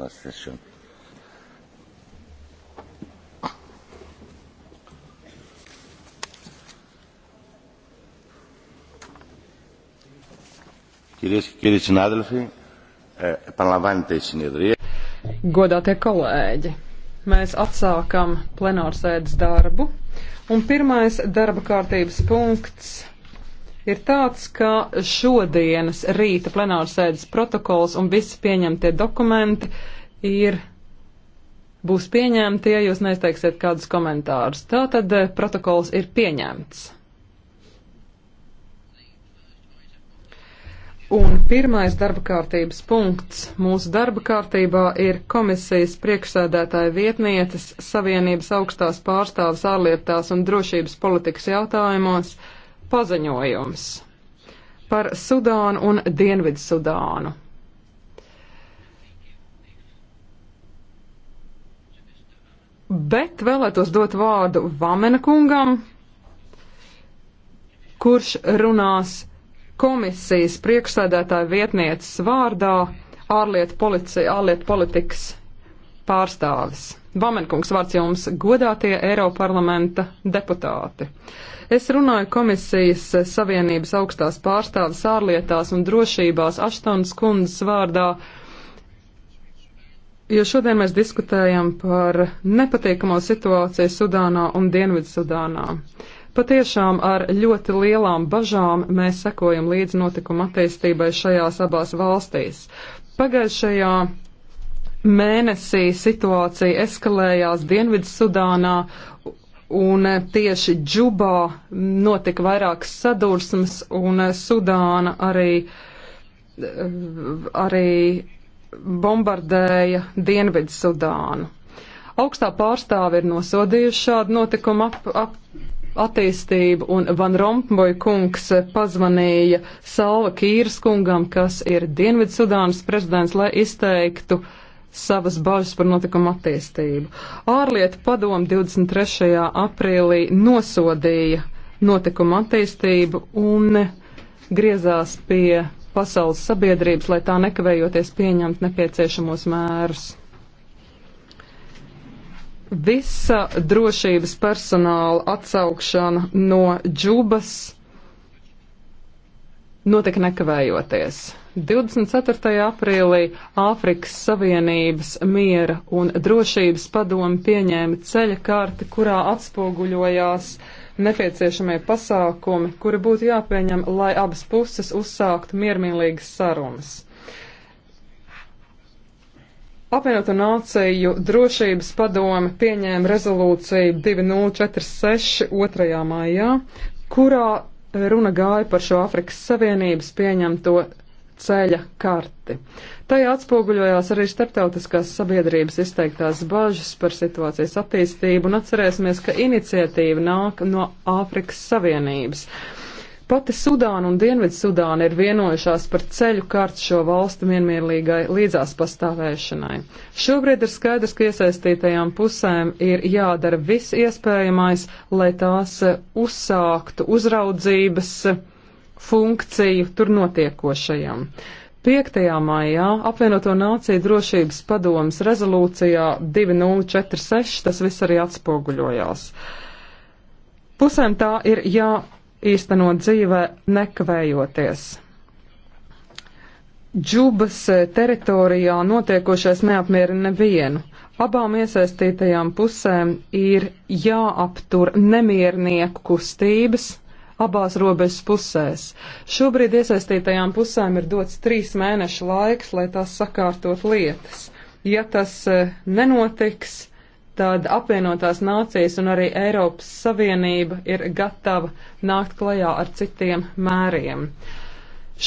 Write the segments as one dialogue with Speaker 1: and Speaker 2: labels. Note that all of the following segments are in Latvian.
Speaker 1: last session. Κυρίες και κύριοι συνάδελφοι,
Speaker 2: επαναλαμβάνεται η συνεδρία. Godātie kolēģi, mēs atsākam plenārsēdes darbu, un pirmais darba kārtības punkts ir tāds, ka šodienas rīta plenārsēdes protokols un visi pieņemtie dokumenti ir, būs pieņemti, ja jūs neizteiksiet kādus komentārus. Tātad eh, protokols ir pieņemts. Un pirmais darba kārtības punkts mūsu darba kārtībā ir komisijas priekšsēdētāja vietnietes Savienības augstās pārstāvas ārlietās un drošības politikas jautājumos paziņojums par Sudānu un Dienvidu Sudānu. bet vēlētos dot vārdu Vamena kungam, kurš runās komisijas priekšsēdētāja vietnieces vārdā ārlietu, policija, ārlietu politikas pārstāvis. Vamenkungs vārds jums godātie Eiroparlamenta deputāti. Es runāju komisijas Savienības augstās pārstāvis ārlietās un drošībās Aštons kundzes vārdā jo šodien mēs diskutējam par nepatīkamo situāciju Sudānā un Dienvidsudānā. Patiešām ar ļoti lielām bažām mēs sekojam līdz notikuma attīstībai šajās abās valstīs. Pagājušajā mēnesī situācija eskalējās Dienvidsudānā un tieši Džubā notika vairākas sadursmes un Sudāna arī, arī bombardēja Dienvidu Sudānu. Augstā pārstāve ir nosodījusi šādu notikumu ap, ap, attīstību, un Van Rompuy kungs pazvanīja Salva Kīras kungam, kas ir Dienvidu Sudānas prezidents, lai izteiktu savas bažas par notikumu attīstību. Ārlietu padomu 23. aprīlī nosodīja notikumu attīstību un griezās pie pasaules sabiedrības, lai tā nekavējoties pieņemt nepieciešamos mērus. Visa drošības personāla atsaukšana no džubas notika nekavējoties. 24. aprīlī Āfrikas Savienības miera un drošības padomi pieņēma ceļa karti, kurā atspoguļojās uh, nepieciešamie pasākumi, kuri būtu jāpieņem, lai abas puses uzsāktu miermīlīgas sarunas. Apvienoto nāciju drošības padome pieņēma rezolūciju 2046. 2. maijā, kurā runa gāja par šo Afrikas Savienības pieņemto ceļa karti. Tajā atspoguļojās arī starptautiskās sabiedrības izteiktās bažas par situācijas attīstību, un atcerēsimies, ka iniciatīva nāk no Āfrikas Savienības. Pati Sudāna un Dienvidsudāna ir vienojušās par ceļu kārtu šo valstu vienmierīgai līdzās pastāvēšanai. Šobrīd ir skaidrs, ka iesaistītajām pusēm ir jādara viss iespējamais, lai tās uzsāktu uzraudzības uh, funkciju tur notiekošajam. 5. maijā apvienoto nāciju drošības padomas rezolūcijā 2046 tas viss arī atspoguļojās. Pusēm tā ir jāīsteno dzīvē nekavējoties. Džubas teritorijā notiekošais neapmierina nevienu. Abām iesaistītajām pusēm ir jāaptur nemiernieku kustības, abās robežas pusēs. Šobrīd iesaistītajām pusēm ir dots trīs mēnešu laiks, lai tās sakārtot lietas. Ja tas e, nenotiks, tad apvienotās nācijas un arī Eiropas Savienība ir gatava nākt klajā ar citiem mēriem.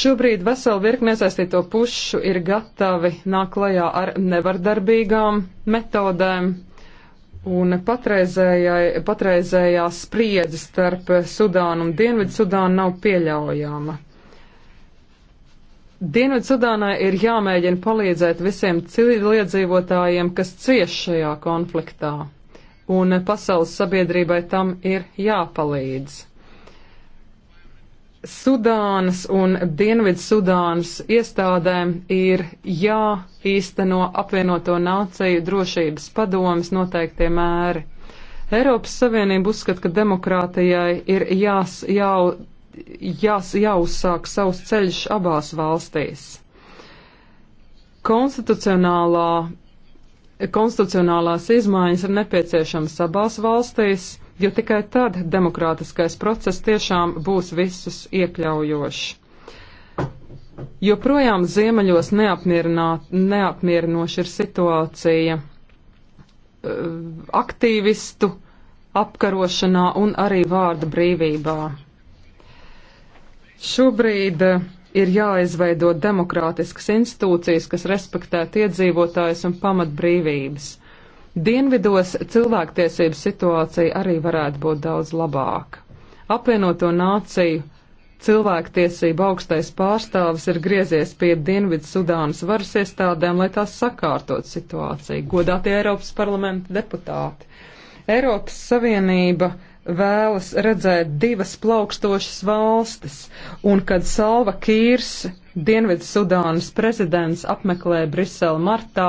Speaker 2: Šobrīd vesela virkne iesaistīto pušu ir gatavi nākt klajā ar nevardarbīgām metodēm, Un patreizējā spriedze starp Sudānu un Dienvidsudānu nav pieļaujama. Dienvidsudānai ir jāmēģina palīdzēt visiem civiliedzīvotājiem, kas cieš šajā konfliktā, un pasaules sabiedrībai tam ir jāpalīdz. Sudānas un Dienvidsudānas iestādēm ir jāīsteno apvienoto nāciju drošības padomas noteiktie mēri. Eiropas Savienība uzskata, ka demokrātijai ir jās, jau, jās, jāuzsāk savs ceļš abās valstīs. Konstitucionālā, konstitucionālās izmaiņas ir nepieciešamas abās valstīs jo tikai tad demokrātiskais process tiešām būs visus iekļaujošs. Joprojām ziemeļos neapmierinoši ir situācija eh, aktīvistu apkarošanā un arī vārda brīvībā. Šobrīd eh, ir jāizveido demokrātiskas institūcijas, kas respektē iedzīvotājus un pamatbrīvības. Dienvidos cilvēktiesību situācija arī varētu būt daudz labāka. Apvienoto nāciju cilvēktiesību augstais pārstāvis ir griezies pie Dienvidu Sudānas varas iestādēm, lai tās sakārtot situāciju. Godātie Eiropas parlamenta deputāti! Eiropas Savienība vēlas redzēt divas plaukstošas valstis, un kad Salva Kīrs, Dienvidu Sudānas prezidents, apmeklē Briselu martā,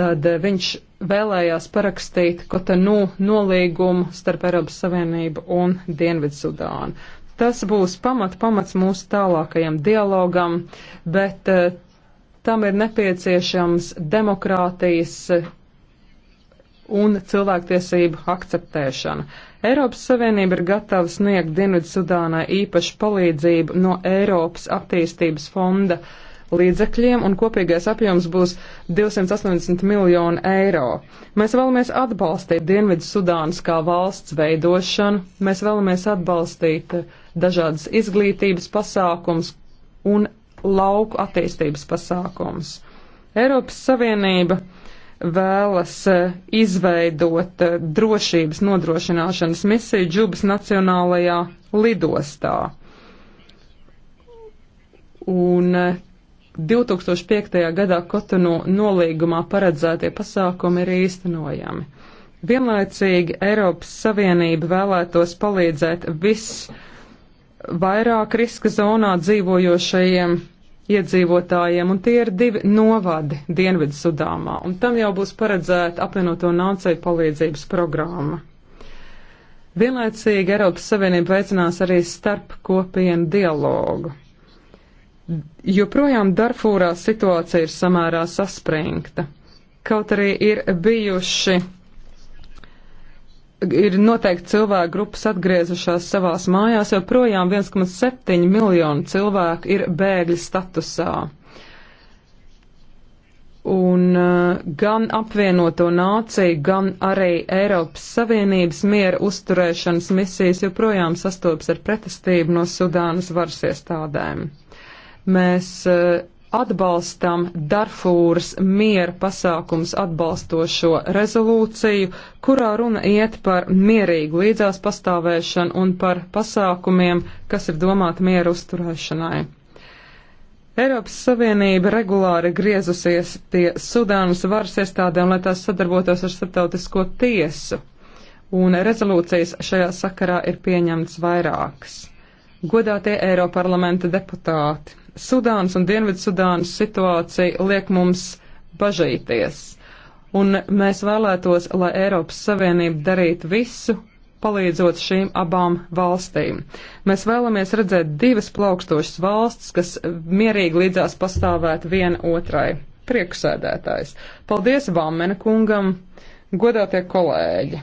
Speaker 2: tad eh, viņš vēlējās parakstīt Kotanu nolīgumu starp Eiropas Savienību un Dienvidsudānu. Tas būs pamat, pamats mūsu tālākajam dialogam, bet eh, tam ir nepieciešams demokrātijas eh, un cilvēktiesību akceptēšana. Eiropas Savienība ir gatava sniegt Dienvidsudānai īpašu palīdzību no Eiropas attīstības fonda uh, līdzekļiem, un kopīgais apjoms būs 280 miljoni eiro. Mēs vēlamies atbalstīt Dienvidu Sudānas kā valsts veidošanu, mēs vēlamies atbalstīt dažādas izglītības pasākums un lauku attīstības pasākums. Eiropas Savienība vēlas izveidot drošības nodrošināšanas misiju Džubas Nacionālajā lidostā. Un 2005. gadā Kotonu nolīgumā paredzētie pasākumi ir īstenojami. Vienlaicīgi Eiropas Savienība vēlētos palīdzēt visvairāk riska zonā dzīvojošajiem iedzīvotājiem, un tie ir divi novadi Dienvidu Sudāmā, un tam jau būs paredzēta apvienoto nācēju palīdzības programma. Vienlaicīgi Eiropas Savienība veicinās arī starp kopienu dialogu. Joprojām Darfūrā situācija ir samērā saspringta. Kaut arī ir bijuši, ir noteikti cilvēku grupas atgriezušās savās mājās, joprojām 1,7 miljonu cilvēku ir bēgļu statusā. Un uh, gan apvienoto nāciju, gan arī Eiropas Savienības miera uzturēšanas misijas joprojām sastopas ar pretestību no Sudānas varas iestādēm. Mēs eh, atbalstam Darfūras miera pasākums atbalstošo rezolūciju, kurā runa iet par mierīgu līdzās pastāvēšanu un par pasākumiem, kas ir domāti miera uzturēšanai. Eiropas Savienība regulāri griezusies pie Sudānas varas iestādēm, lai tās sadarbotos ar starptautisko tiesu, un rezolūcijas šajā sakarā ir pieņemts vairākas. Godātie Eiroparlamenta deputāti, Sudānas un Dienvidsudānas situācija liek mums bažīties, un mēs vēlētos, lai Eiropas Savienība darītu visu, palīdzot šīm abām valstīm. Mēs vēlamies redzēt divas plaukstošas valstis, kas mierīgi līdzās pastāvētu viena otrai. Priekšsēdētājs. Paldies Vāmena kungam, godātie kolēģi!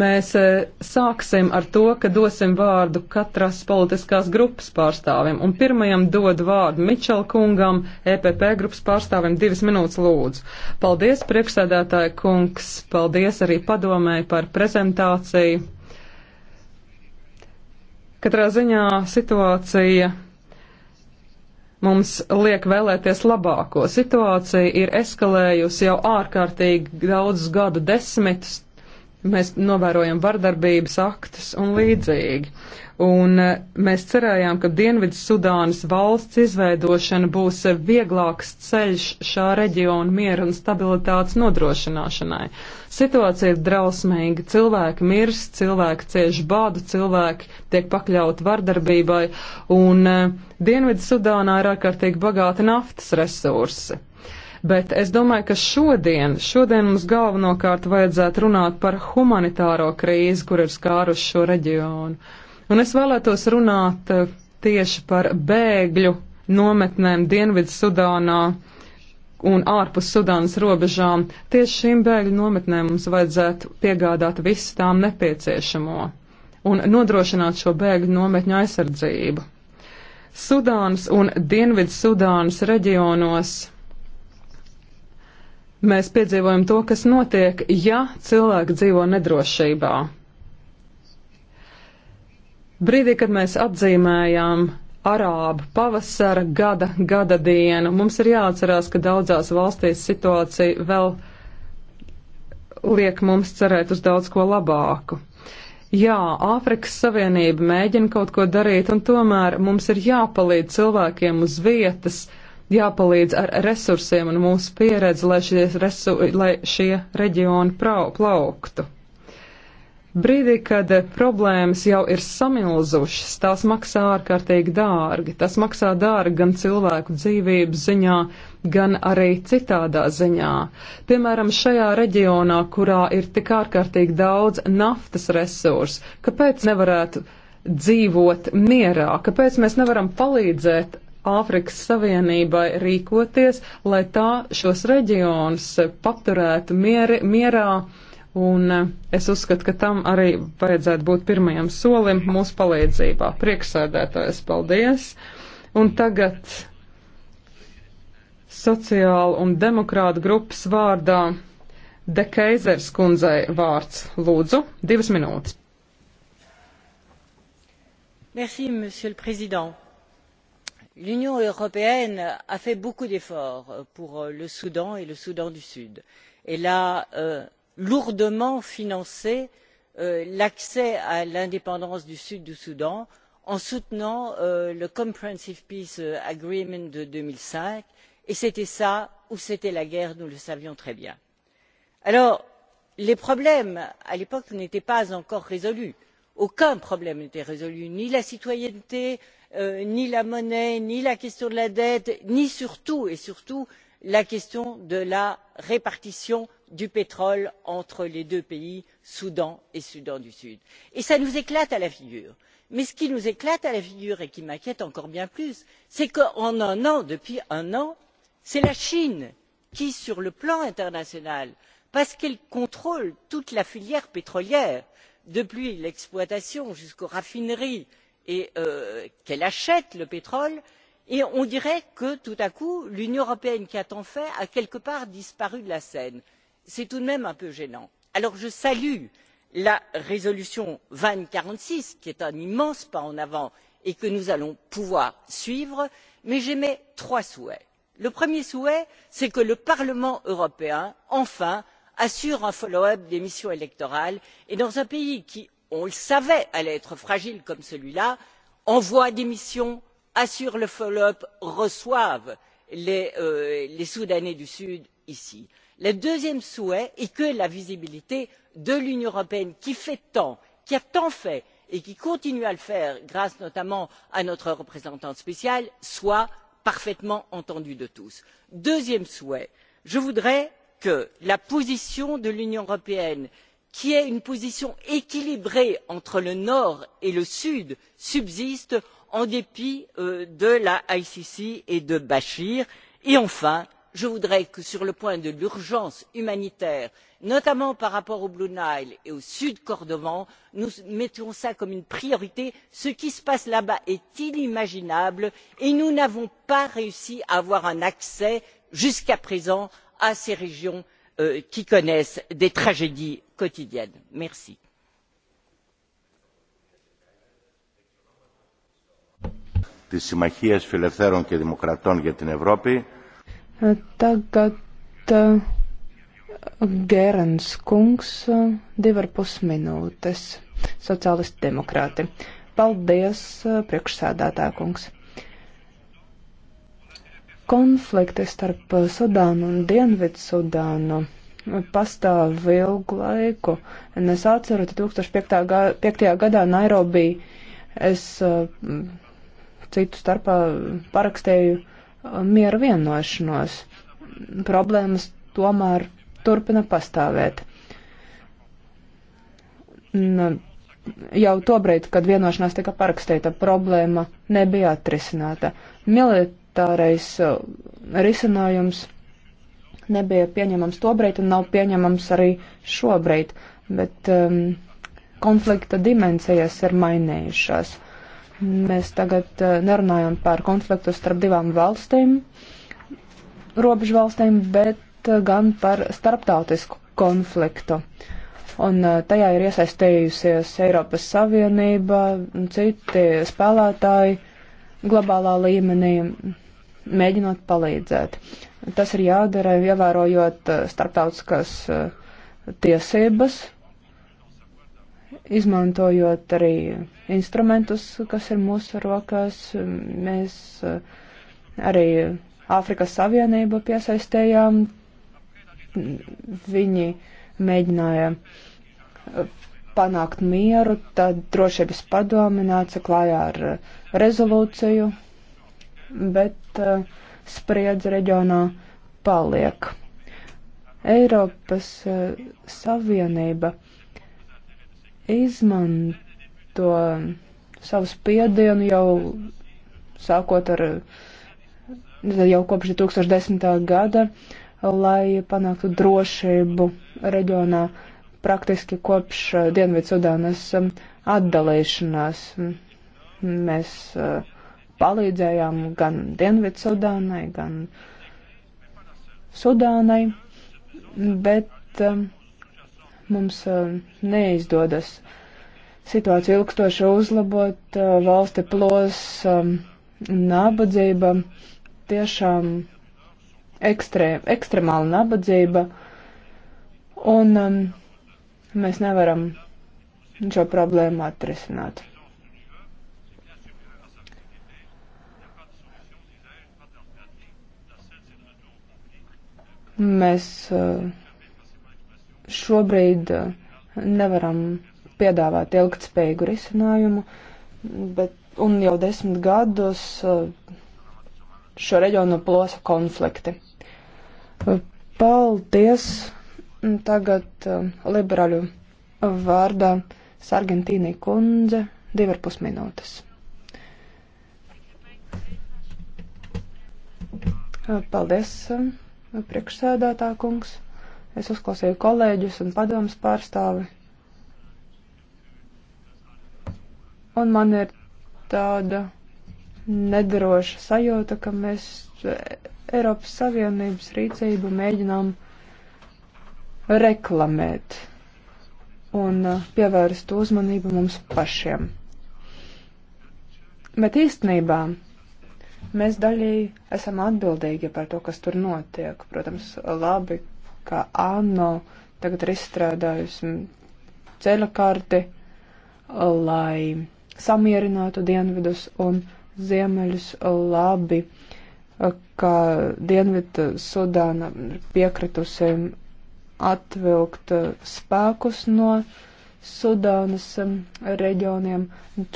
Speaker 2: Mēs e, sāksim ar to, ka dosim vārdu katras politiskās grupas pārstāvim, un pirmajam dod vārdu Mičel kungam, EPP grupas pārstāvim, divas minūtes lūdzu. Paldies, priekšsēdētāja kungs, paldies arī padomēji par prezentāciju. Katrā ziņā situācija mums liek vēlēties labāko. Situācija ir eskalējusi jau ārkārtīgi daudzus gadu desmitus, mēs novērojam vardarbības aktus un līdzīgi. Un e, mēs cerējām, ka Dienvidu Sudānas valsts izveidošana būs vieglāks ceļš šā reģiona miera un stabilitātes nodrošināšanai. Situācija ir drausmīga, cilvēki mirst, cilvēki cieš bādu, cilvēki tiek pakļauti vardarbībai, un e, Dienvidu Sudānā ir ārkārtīgi bagāti naftas resursi. Bet es domāju, ka šodien, šodien mums galvenokārt vajadzētu runāt par humanitāro krīzi, kur ir skāruši šo reģionu. Un es vēlētos runāt eh, tieši par bēgļu nometnēm Dienvidu Sudānā un ārpus Sudānas robežām. Tieši šīm bēgļu nometnēm mums vajadzētu piegādāt visu tām nepieciešamo un nodrošināt šo bēgļu nometņu aizsardzību. Sudānas un Dienvidu Sudānas reģionos mēs piedzīvojam to, kas notiek, ja cilvēki dzīvo nedrošībā. Brīdī, kad mēs apzīmējām arābu pavasara gada, gada dienu, mums ir jāatcerās, ka daudzās valstīs situācija vēl liek mums cerēt uz daudz ko labāku. Jā, Āfrikas Savienība mēģina kaut ko darīt, un tomēr mums ir jāpalīdz cilvēkiem uz vietas, jāpalīdz ar resursiem un mūsu pieredzi, lai šie, resu, lai šie reģioni prau, plauktu. Brīdī, kad problēmas jau ir samilzušas, tās maksā ārkārtīgi dārgi. Tas maksā dārgi gan cilvēku dzīvības ziņā, gan arī citādā ziņā. Piemēram, šajā reģionā, kurā ir tik ārkārtīgi daudz naftas resursu, kāpēc nevarētu dzīvot mierā, kāpēc mēs nevaram palīdzēt Āfrikas Savienībai rīkoties, lai tā šos reģionus paturētu mieri, mierā. Un es uzskatu, ka tam arī vajadzētu būt pirmajam solim mūsu palīdzībā. Prieksēdētājs, paldies! Un tagad sociāla un demokrāta grupas vārdā Dekeizers kundzei vārds. Lūdzu, divas minūtes.
Speaker 3: Merci, monsieur le président l'union européenne a fait beaucoup d'efforts pour euh, le soudan et le soudan du sud. elle a euh, lourdement financé euh, l'accès à l'indépendance du sud du soudan en soutenant le comprehensive peace agreement de deux mille cinq et c'était ça ou c'était la guerre nous le savions très bien. alors les problèmes à l'époque n'étaient pas encore résolus aucun problème n'était résolu ni la citoyenneté euh, ni la monnaie ni la question de la dette ni surtout et surtout la question de la répartition du pétrole entre les deux pays soudan et soudan du sud. cela nous éclate à la figure mais ce qui nous éclate à la figure et qui m'inquiète encore bien plus c'est que depuis un an c'est la chine qui sur le plan international parce qu'elle contrôle toute la filière pétrolière depuis l'exploitation jusqu'aux raffineries euh, qu'elle achète le pétrole et on dirait que tout à coup l'union européenne qui a tant fait a quelque part disparu de la scène. c'est tout de même un peu gênant. alors je salue la résolution deux mille quarante six qui est un immense pas en avant et que nous allons pouvoir suivre mais j'émets trois souhaits. le premier souhait c'est que le parlement européen enfin assure un follow up des missions électorales et dans un pays qui on le savait allait être fragile comme celui là envoie des missions assure le follow up reçoive les, euh, les soudanais du sud ici. le deuxième souhait est que la visibilité de l'union européenne qui fait tant qui a tant fait et qui continue à le faire grâce notamment à notre représentante spéciale soit parfaitement entendue de tous. deuxième souhait je voudrais que la position de l'union européenne qui est une position équilibrée entre le nord et le sud subsiste en dépit euh, de la icc et de bachir et enfin je voudrais que sur le point de l'urgence humanitaire notamment par rapport au blue nile et au sud kordofan nous mettions cela comme une priorité. ce qui se passe là bas est inimaginable et nous n'avons pas réussi à avoir un accès jusqu'à présent à ces régions euh, qui connaissent des tragédies quotidiennes. merci.
Speaker 1: tagad Gērens kungs, divi ar pus minūtes, sociālisti demokrāti. Paldies, priekšsēdētā kungs. Konflikti starp eh, Sudānu un Dienvidu Sudānu eh, pastāv ilgu laiku. Un es atceru, ka 2005. Ga gadā Nairobi es eh, citu starpā parakstīju mieru vienošanos. Problēmas tomēr turpina pastāvēt. Un jau tobrīd, kad vienošanās tika parakstīta, problēma nebija atrisināta. Milit prioritārais uh, risinājums nebija pieņemams tobrīd un nav pieņemams arī šobrīd, bet um, konflikta dimensijas ir mainījušās. Mēs tagad uh, nerunājam par konfliktu starp divām valstīm, robežu valstīm, bet uh, gan par starptautisku konfliktu. Un uh, tajā ir iesaistījusies Eiropas Savienība un citi spēlētāji globālā līmenī mēģinot palīdzēt. Tas ir jādara, ievērojot eh, starptautiskās eh, tiesības, izmantojot arī instrumentus, kas ir mūsu rokās. Mēs eh, arī Āfrikas Savienību piesaistējām. Viņi mēģināja panākt mieru, tad drošības padome nāca klājā ar rezolūciju, bet uh, spriedze reģionā paliek. Eiropas uh, Savienība izmanto savu spiedienu jau sākot ar eh, jau kopš 2010. gada, lai panāktu drošību reģionā praktiski kopš Dienvidsudānas atdalīšanās. Mēs uh, palīdzējām gan Dienvidsudānai, gan Sudānai, bet um, mums um, neizdodas situāciju ilgstoši uzlabot, uh, valsti plos um, nabadzība, tiešām ekstrē, ekstremāla nabadzība, un mēs nevaram šo problēmu atrisināt. Mēs eh, šobrīd eh, nevaram piedāvāt ilgtspējīgu risinājumu, bet un jau desmit gadus eh, šo reģionu plosa konflikti. Paldies! Tagad liberāļu vārdā Sargentīnī kundze divar pus minūtes. Paldies! priekšsēdētā kungs. Es uzklausīju kolēģus un padomus pārstāvi. Un man ir tāda nedroša sajūta, ka mēs Eiropas Savienības rīcību mēģinām reklamēt un uh, pievērst uzmanību mums pašiem. Bet īstenībā Mēs daļēji esam atbildīgi par to, kas tur notiek. Protams, labi, ka ANO tagad ir izstrādājusi ceļa karti, lai samierinātu dienvidus un ziemeļus labi, ka Dienvidu Sudāna piekritusi atvilkt spēkus no uh, Sudānas um, reģioniem.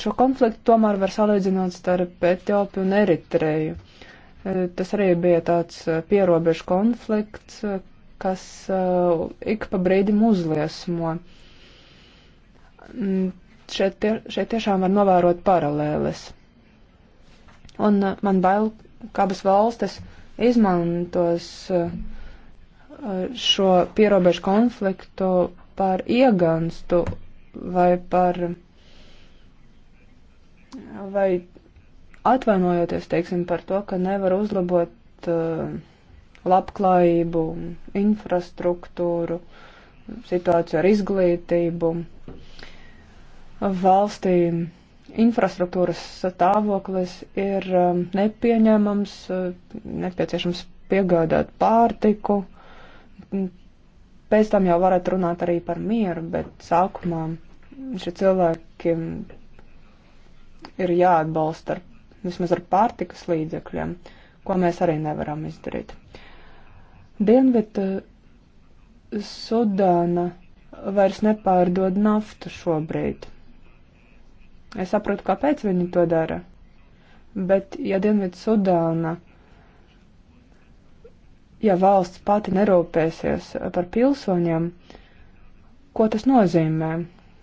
Speaker 1: Šo konfliktu tomēr var salīdzināt starp Etiopiju un Eritreju. E, tas arī bija tāds e, pierobežu konflikts, e, kas ik pa brīdim uzliesmo. Mm, šeit, tie, šeit tiešām var novērot paralēles. Un man bail, ka abas valstis izmantos šo pierobežu konfliktu par iegānstu vai par. Vai atvainojoties, teiksim, par to, ka nevar uzlabot uh, labklājību, infrastruktūru, situāciju ar izglītību, valstī infrastruktūras stāvoklis ir um, nepieņemams, uh, nepieciešams piegādāt pārtiku, Pēc tam jau varat runāt arī par mieru, bet sākumā šie cilvēki ir jāatbalsta ar, vismaz ar pārtikas līdzekļiem, ko mēs arī nevaram izdarīt. Dienvidu eh, Sudāna vairs nepārdod naftu šobrīd. Es saprotu, kāpēc viņi to dara, bet ja Dienvidu Sudāna ja valsts pati nerūpēsies par pilsoņiem, ko tas nozīmē?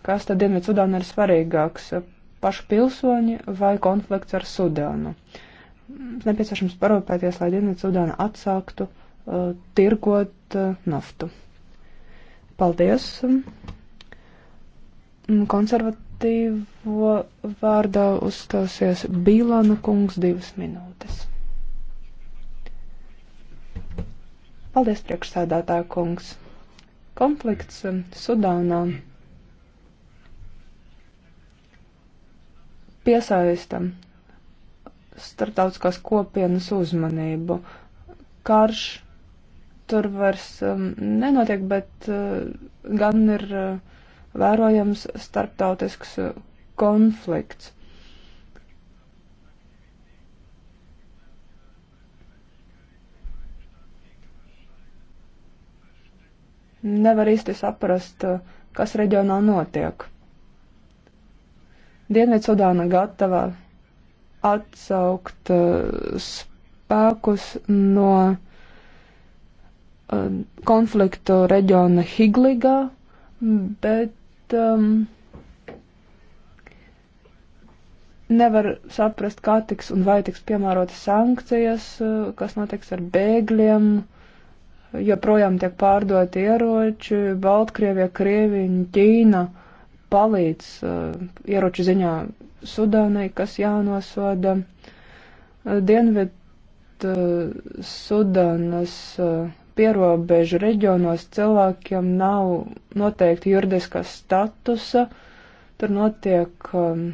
Speaker 1: Kas tad Dienvidzudāna ir svarīgāks - paši pilsoņi vai konflikts ar Sudānu? Mums nepieciešams parūpēties, lai Dienvidzudāna atsāktu uh, tirgot uh, naftu. Paldies! Mm, konservatīvo vārdā uzstāsies Bīlana kungs divas minūtes. Paldies, priekšsēdētā kungs. Konflikts um, Sudānā piesaista starptautiskās kopienas uzmanību. Karš tur vairs um, nenotiek, bet uh, gan ir uh, vērojams starptautisks uh, konflikts. nevar īsti saprast, kas reģionā notiek. Dienvidsudāna gatava atsaukt uh, spēkus no uh, konfliktu reģiona Higligā, bet um, nevar saprast, kā tiks un vai tiks piemērotas sankcijas, uh, kas notiks ar bēgļiem. Uh, joprojām tiek pārdoti ieroči, Baltkrievija, Krievija, Ķīna palīdz uh, ieroču ziņā Sudānai, kas jānosoda. Uh, Dienvid uh, Sudānas uh, pierobežu reģionos cilvēkiem nav noteikti juridiskā statusa, tur notiek um,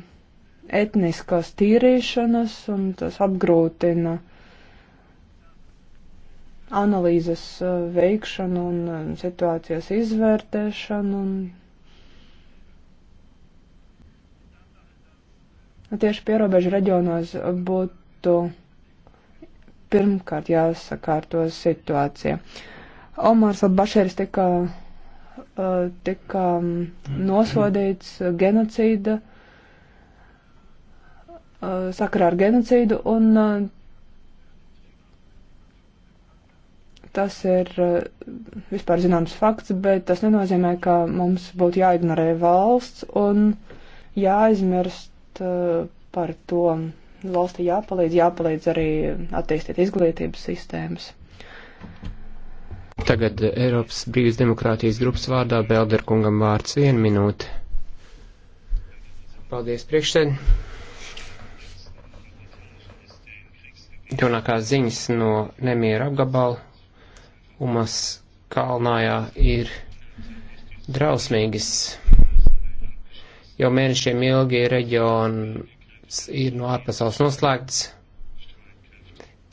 Speaker 1: etniskās tīrīšanas un tas apgrūtina uh, analīzes uh, veikšanu un um, situācijas izvērtēšanu. Un nu, tieši pierobežu reģionos būtu pirmkārt jāsakārto situācija. Omars Albašērs tika, uh, tika um, nosodīts uh, genocīda, sakarā ar genocīdu, un Tas ir eh, vispār zināms fakts, bet tas nenozīmē, ka mums būtu jāignorē valsts un jāaizmirst eh, par to. Valsti jāpalīdz, jāpalīdz arī attīstīt izglītības sistēmas.
Speaker 4: Tagad Eiropas brīvas demokrātijas grupas vārdā Belderkungam vārds vienu minūti. Paldies priekšsēd. Jaunākās ziņas no nemiera apgabala Umas kalnājā ir drausmīgas. Jau mēnešiem ilgi reģions ir no ārpasaules noslēgts.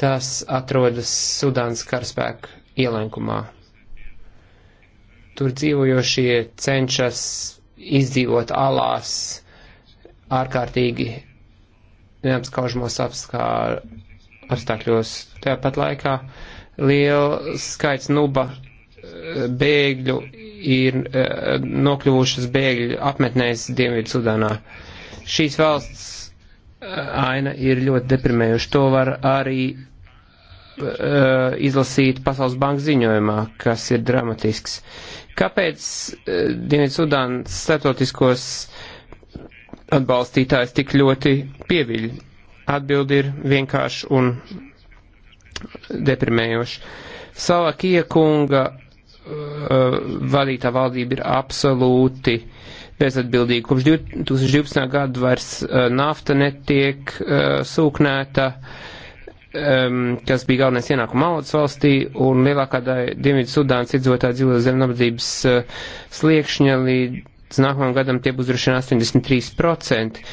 Speaker 4: Tas atrodas Sudānas karaspēku ielenkumā. Tur dzīvojošie cenšas izdzīvot alās ārkārtīgi neapskaužamos apstākļos. Tāpat laikā uh, liels skaits nuba eh, bēgļu ir eh, nokļuvušas bēgļu apmetnēs Dienvidu Sudānā. Šīs valsts eh, aina ir ļoti deprimējuša. To var arī uh, izlasīt Pasaules bankas ziņojumā, kas ir dramatisks. Kāpēc uh, Dienvidsudānas starptautiskos atbalstītājs tik ļoti pieviļ? Atbildi ir vienkārši un deprimējoši. Sala Kiekunga uh, vadītā valdība ir absolūti bezatbildīga. Kopš 2012. gada vairs uh, nafta netiek uh, sūknēta, um, kas bija galvenais ienākuma avots valstī, un lielākā daļa Dienvidu Sudānas iedzīvotāji dzīvo zem nabadzības uh, sliekšņa līdz nākamajam gadam tie būs droši vien 83%.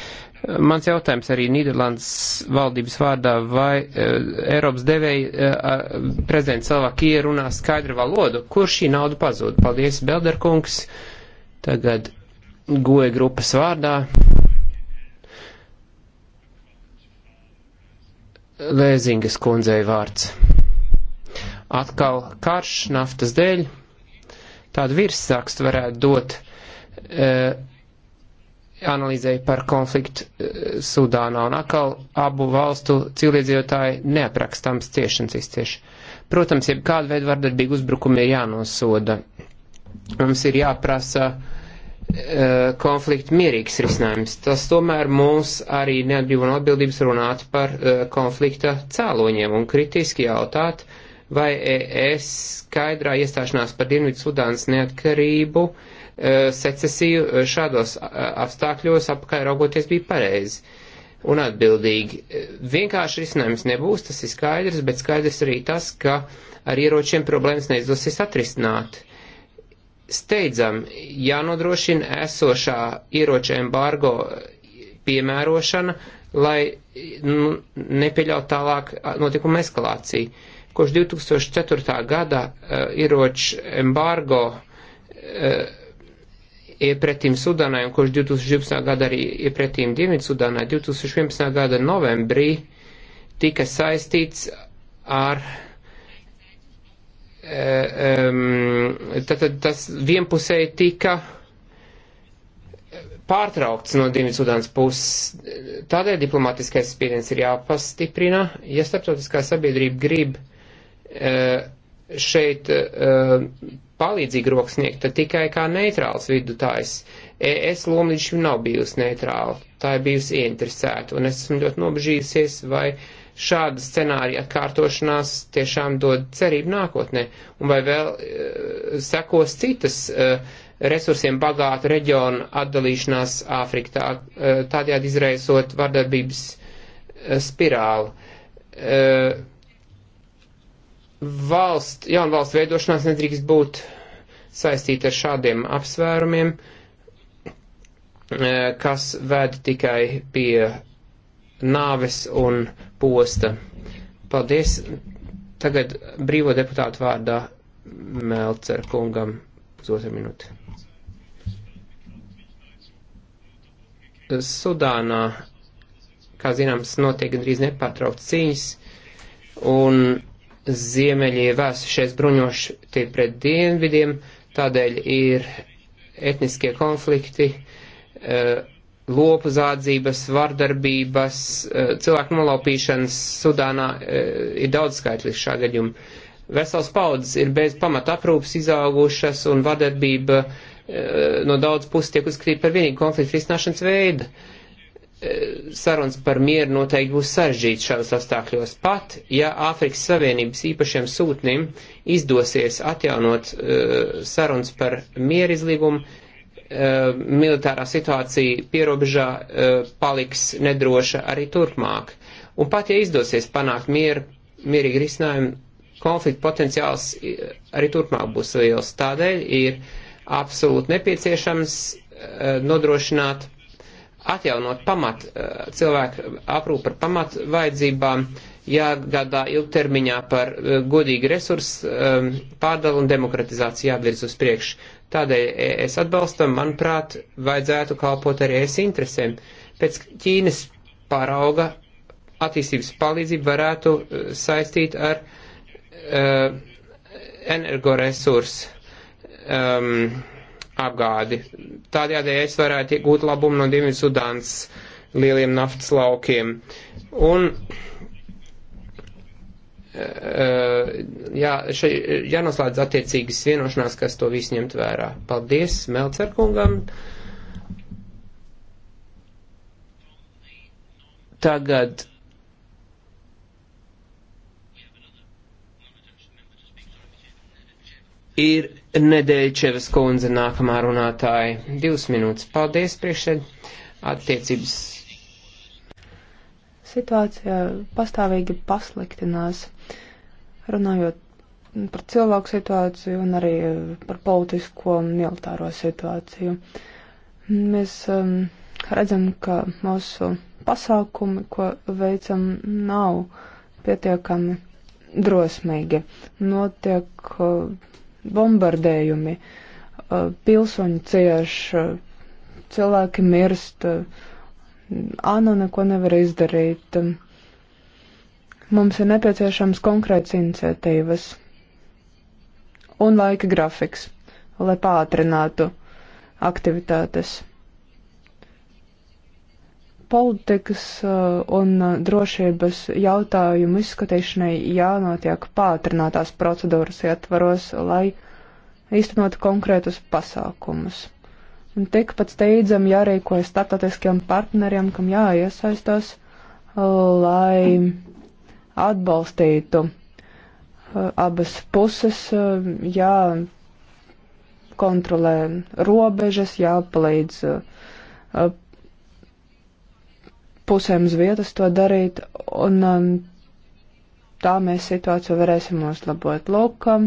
Speaker 4: Mans jautājums arī Nīderlandes valdības vārdā, vai uh, Eiropas devēja e, uh, prezidents Salvakija runā skaidru valodu, kur šī nauda pazūd. Paldies, Belderkungs. Tagad goja grupas vārdā. Lēzingas kundzei vārds. Atkal karš naftas dēļ. Tādu virssakstu varētu dot. Uh, analīzēja par konfliktu e, Sudānā, un atkal abu valstu cilvēdzīvotāji neaprakstams ciešanas izcieš. Protams, jeb kāda veida vardarbīgu uzbrukumu ir jānosoda. Mums ir jāprasa e, konflikta mierīgs risinājums. Tas tomēr mūs arī neatbrīvo no atbildības runāt par e, konflikta cēloņiem un kritiski jautāt, vai es skaidrā iestāšanās par Dienvidu Sudānas neatkarību uh, E, secesiju e, šādos apstākļos apkārt raugoties bija pareizi un atbildīgi. E, vienkārši risinājums nebūs, tas ir skaidrs, bet skaidrs arī tas, ka ar ieročiem problēmas neizdosies atrisināt. Steidzam, jānodrošina esošā ieroča embargo piemērošana, lai nu, nepieļaut tālāk notikuma eskalāciju. Kopš 2004. gada uh, ieroča embargo uh, iepretim Sudanai un kurš 2012. gada arī iepretim Dienvidsudanai 2011. gada novembrī tika saistīts ar tātad eh, tas vienpusēji tika pārtraukts no Dienvidsudānas puses. Tādēļ diplomatiskais spiediens ir jāpastiprina, ja starptautiskā sabiedrība grib eh, šeit eh, palīdzīgu roku sniegt, tad tikai kā neitrāls vidutājs. Es loma līdz šim nav bijusi neitrāla, tā ir bijusi ieinteresēta, un es esmu ļoti nobežījusies, vai šāda scenārija atkārtošanās tiešām dod cerību nākotnē, un vai vēl uh, sekos citas uh, resursiem bagātu reģionu atdalīšanās Āfrikā, tā, e, uh, tādējādi izraisot vardarbības uh, spirāli. Uh, valsts, jaunu valstu veidošanās nedrīkst būt saistīta ar šādiem apsvērumiem, eh, kas ved tikai pie nāves un posta. Paldies! Tagad brīvo deputātu vārdā Melcer kungam pusotra minūte. Sudānā, kā zināms, notiek gandrīz nepārtraukts cīņas, un ziemeļi ir vēsušies bruņošie pret dienvidiem, tādēļ ir etniskie konflikti, eh, lopu zādzības, vardarbības, eh, cilvēku nolaupīšanas Sudānā eh, ir daudz skaitlis šā gadījumā. Vesels paudzes ir bez pamata aprūpas izaugušas un vardarbība no daudz puses tiek uzskatīta par vienīgu konfliktu risināšanas veidu. Uh, E, sarunas par mieru noteikti būs sarežģīts šajos apstākļos. Pat, ja Āfrikas Savienības īpašiem sūtnim izdosies atjaunot uh, sarunas par mieru izlīgumu, uh, militārā situācija pierobežā uh, paliks nedroša arī turpmāk. Un pat, ja izdosies panākt mieru, mierīgi risinājumu, konflikta potenciāls arī turpmāk būs liels. Tādēļ ir absolūti nepieciešams uh, nodrošināt atjaunot pamat eh, cilvēku aprūpu par pamat vajadzībām, jāgādā ilgtermiņā par eh, godīgu resursu eh, pārdalu un demokratizāciju jāvirz uz priekšu. Tādēļ es atbalstam, manuprāt, vajadzētu kalpot arī es interesēm. Pēc Ķīnas pārauga attīstības palīdzību varētu saistīt ar uh, energoresursu. Um, apgādi. Tādējādi es varētu gūt labumu no Dienvidzudānas lieliem naftas laukiem. Un eh, jā, še, jānoslēdz attiecīgas vienošanās, kas to visu ņemt vērā. Paldies Melcerkungam. Tagad ir Nedēļčevas kundze nākamā runātāja. Divas minūtes. Paldies, priekšsēd. Attiecības.
Speaker 1: Situācija pastāvīgi pasliktinās. Runājot par cilvēku situāciju un arī eh, par politisko un militāro situāciju. Mēs um, redzam, ka mūsu pasākumi, ko veicam, nav pietiekami drosmīgi. Notiek uh, bombardējumi, uh, pilsoņi cieši, uh, cilvēki mirst, uh, ANO neko nevar izdarīt. Um, mums ir nepieciešams konkrēts iniciatīvas un laika grafiks, lai pātrinātu aktivitātes politikas uh, un uh, drošības jautājumu izskatīšanai jānotiek pātrinātās procedūras ietvaros, lai īstenot konkrētus pasākumus. Un tikpat steidzam jārīkojas startautiskiem partneriem, kam jāiesaistās, lai atbalstītu uh, abas puses, jākontrolē robežas, jāpalīdz pusēm uz vietas to darīt, un um, tā mēs situāciju varēsim uzlabot. Lūk, um,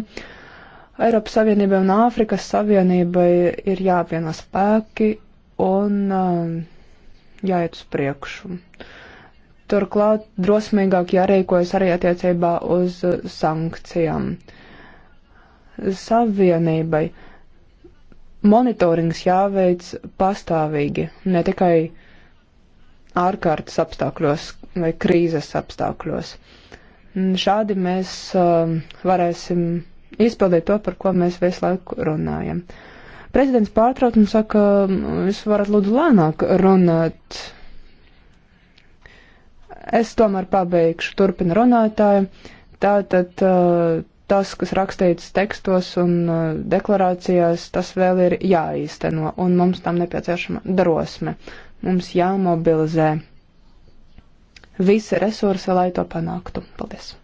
Speaker 1: Eiropas Savienībai un Āfrikas Savienībai ir jāapvieno spēki un um, jāiet uz priekšu. Turklāt drosmīgāk jārīkojas arī attiecībā uz sankcijām. Savienībai monitorings jāveic pastāvīgi, ne tikai ārkārtas apstākļos vai krīzes apstākļos. Šādi mēs um, varēsim izpildīt to, par ko mēs visu laiku runājam. Prezidents pārtrauc un saka, um, jūs varat lūdzu lēnāk runāt. Es tomēr pabeigšu, turpina runātāja. Tātad uh, tas, kas rakstīts tekstos un uh, deklarācijās, tas vēl ir jāīsteno, un mums tam nepieciešama drosme. Mums jāmobilizē visi resursi, lai to panāktu. Paldies!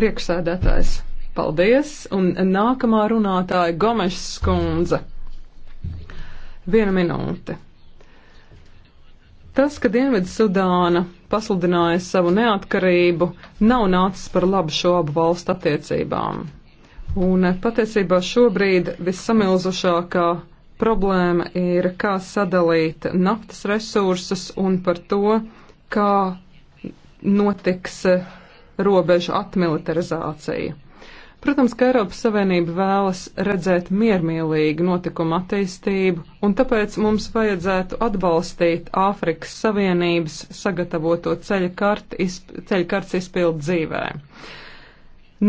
Speaker 2: Prieksēdētājs, paldies! Un nākamā runātāja Gomeša skundze. Viena minūte. Tas, ka Dienvidsudāna pasludināja savu neatkarību, nav nācis par labu šo abu valstu attiecībām. Un patiesībā šobrīd vissamilzušākā problēma ir, kā sadalīt naftas resursus un par to, kā notiks eh, robežu atmilitarizācija. Protams, ka Eiropas Savienība vēlas redzēt miermīlīgu notikumu attīstību, un tāpēc mums vajadzētu atbalstīt Āfrikas Savienības sagatavoto ceļa, karti, izp ceļa karts izpildu dzīvē.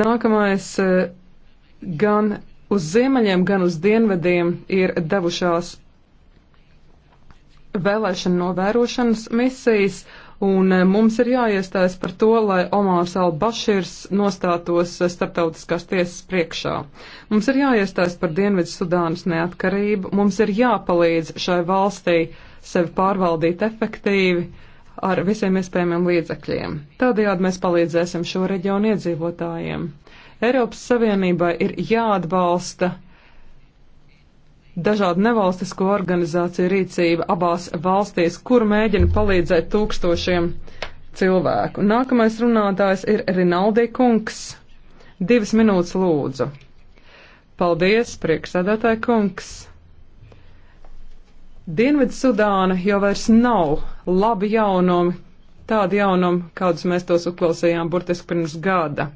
Speaker 2: Nākamais eh, gan uz ziemeļiem, gan uz dienvediem ir devušās vēlēšana novērošanas misijas, un eh, mums ir jāiestājas par to, lai Omārs Albašīrs nostātos eh, starptautiskās tiesas priekšā. Mums ir jāiestājas par Dienvidu Sudānas neatkarību, mums ir jāpalīdz šai valstī sevi pārvaldīt efektīvi ar visiem iespējamiem līdzekļiem. Tādējādi mēs palīdzēsim šo reģionu iedzīvotājiem. Eiropas Savienībai ir jāatbalsta dažādu nevalstisko organizāciju rīcība abās valstīs, kur mēģina palīdzēt tūkstošiem cilvēku. Nākamais runātājs ir Rinaldi Kungs. Divas minūtes lūdzu. Paldies, priekšsēdētāji kungs. Dienvidu Sudāna jau vairs nav labi jaunumi, tādi jaunumi, kādus mēs tos uzklausījām burtiski pirms gada.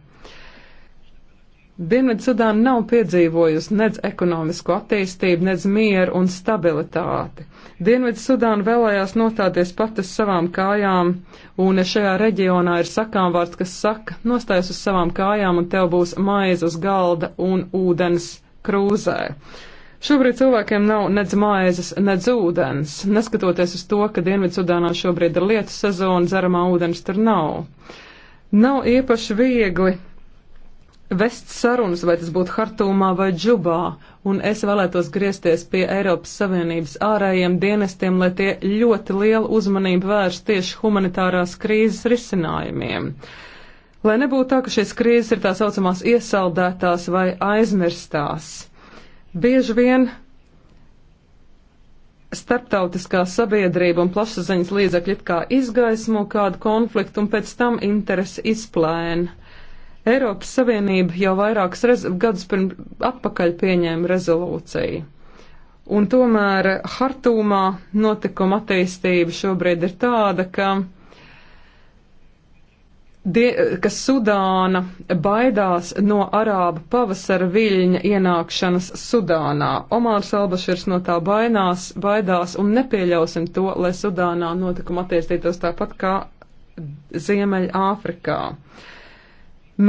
Speaker 2: Dienvidsudāna nav piedzīvojusi nec ekonomisko attīstību, nec mieru un stabilitāti. Dienvidsudāna vēlējās nostāties pati uz savām kājām, un šajā reģionā ir sakāmvārds, kas saka, nostājas uz savām kājām, un tev būs maize uz galda un ūdens krūzē. Šobrīd cilvēkiem nav nec maizes, nec ūdens, neskatoties uz to, ka Dienvidsudānā šobrīd ir lietu sezona, dzeramā ūdens tur nav. Nav īpaši viegli vest sarunas, vai tas būtu Hartūmā vai Džubā, un es vēlētos griezties pie Eiropas Savienības ārējiem dienestiem, lai tie ļoti lielu uzmanību vērst tieši humanitārās krīzes risinājumiem. Lai nebūtu tā, ka šīs krīzes ir tā saucamās iesaldētās vai aizmirstās. Bieži vien starptautiskā sabiedrība un plašsaziņas līdzekļi it kā izgaismo kādu konfliktu un pēc tam interesi izplēna. Eiropas Savienība jau vairākus gadus pirms atpakaļ pieņēma rezolūciju. Un tomēr Hartūmā notikuma attīstība šobrīd ir tāda, ka, die, ka Sudāna baidās no arāba pavasara viļņa ienākšanas Sudānā. Omārs Albaširs no tā bainās, baidās un nepieļausim to, lai Sudānā notikuma attīstītos tāpat kā Ziemeļ Āfrikā. Uh,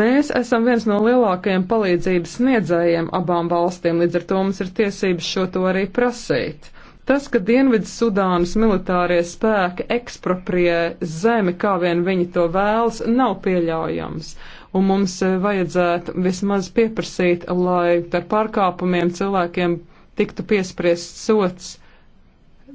Speaker 2: Mēs esam viens no lielākajiem palīdzības sniedzējiem abām valstīm, līdz ar to mums ir tiesības šo to arī prasīt. Tas, ka Dienvidu Sudānas militārie spēki ekspropriē zemi, kā vien viņi to vēlas, nav pieļaujams. Un mums eh, vajadzētu vismaz pieprasīt, lai par pārkāpumiem cilvēkiem tiktu piespriests sots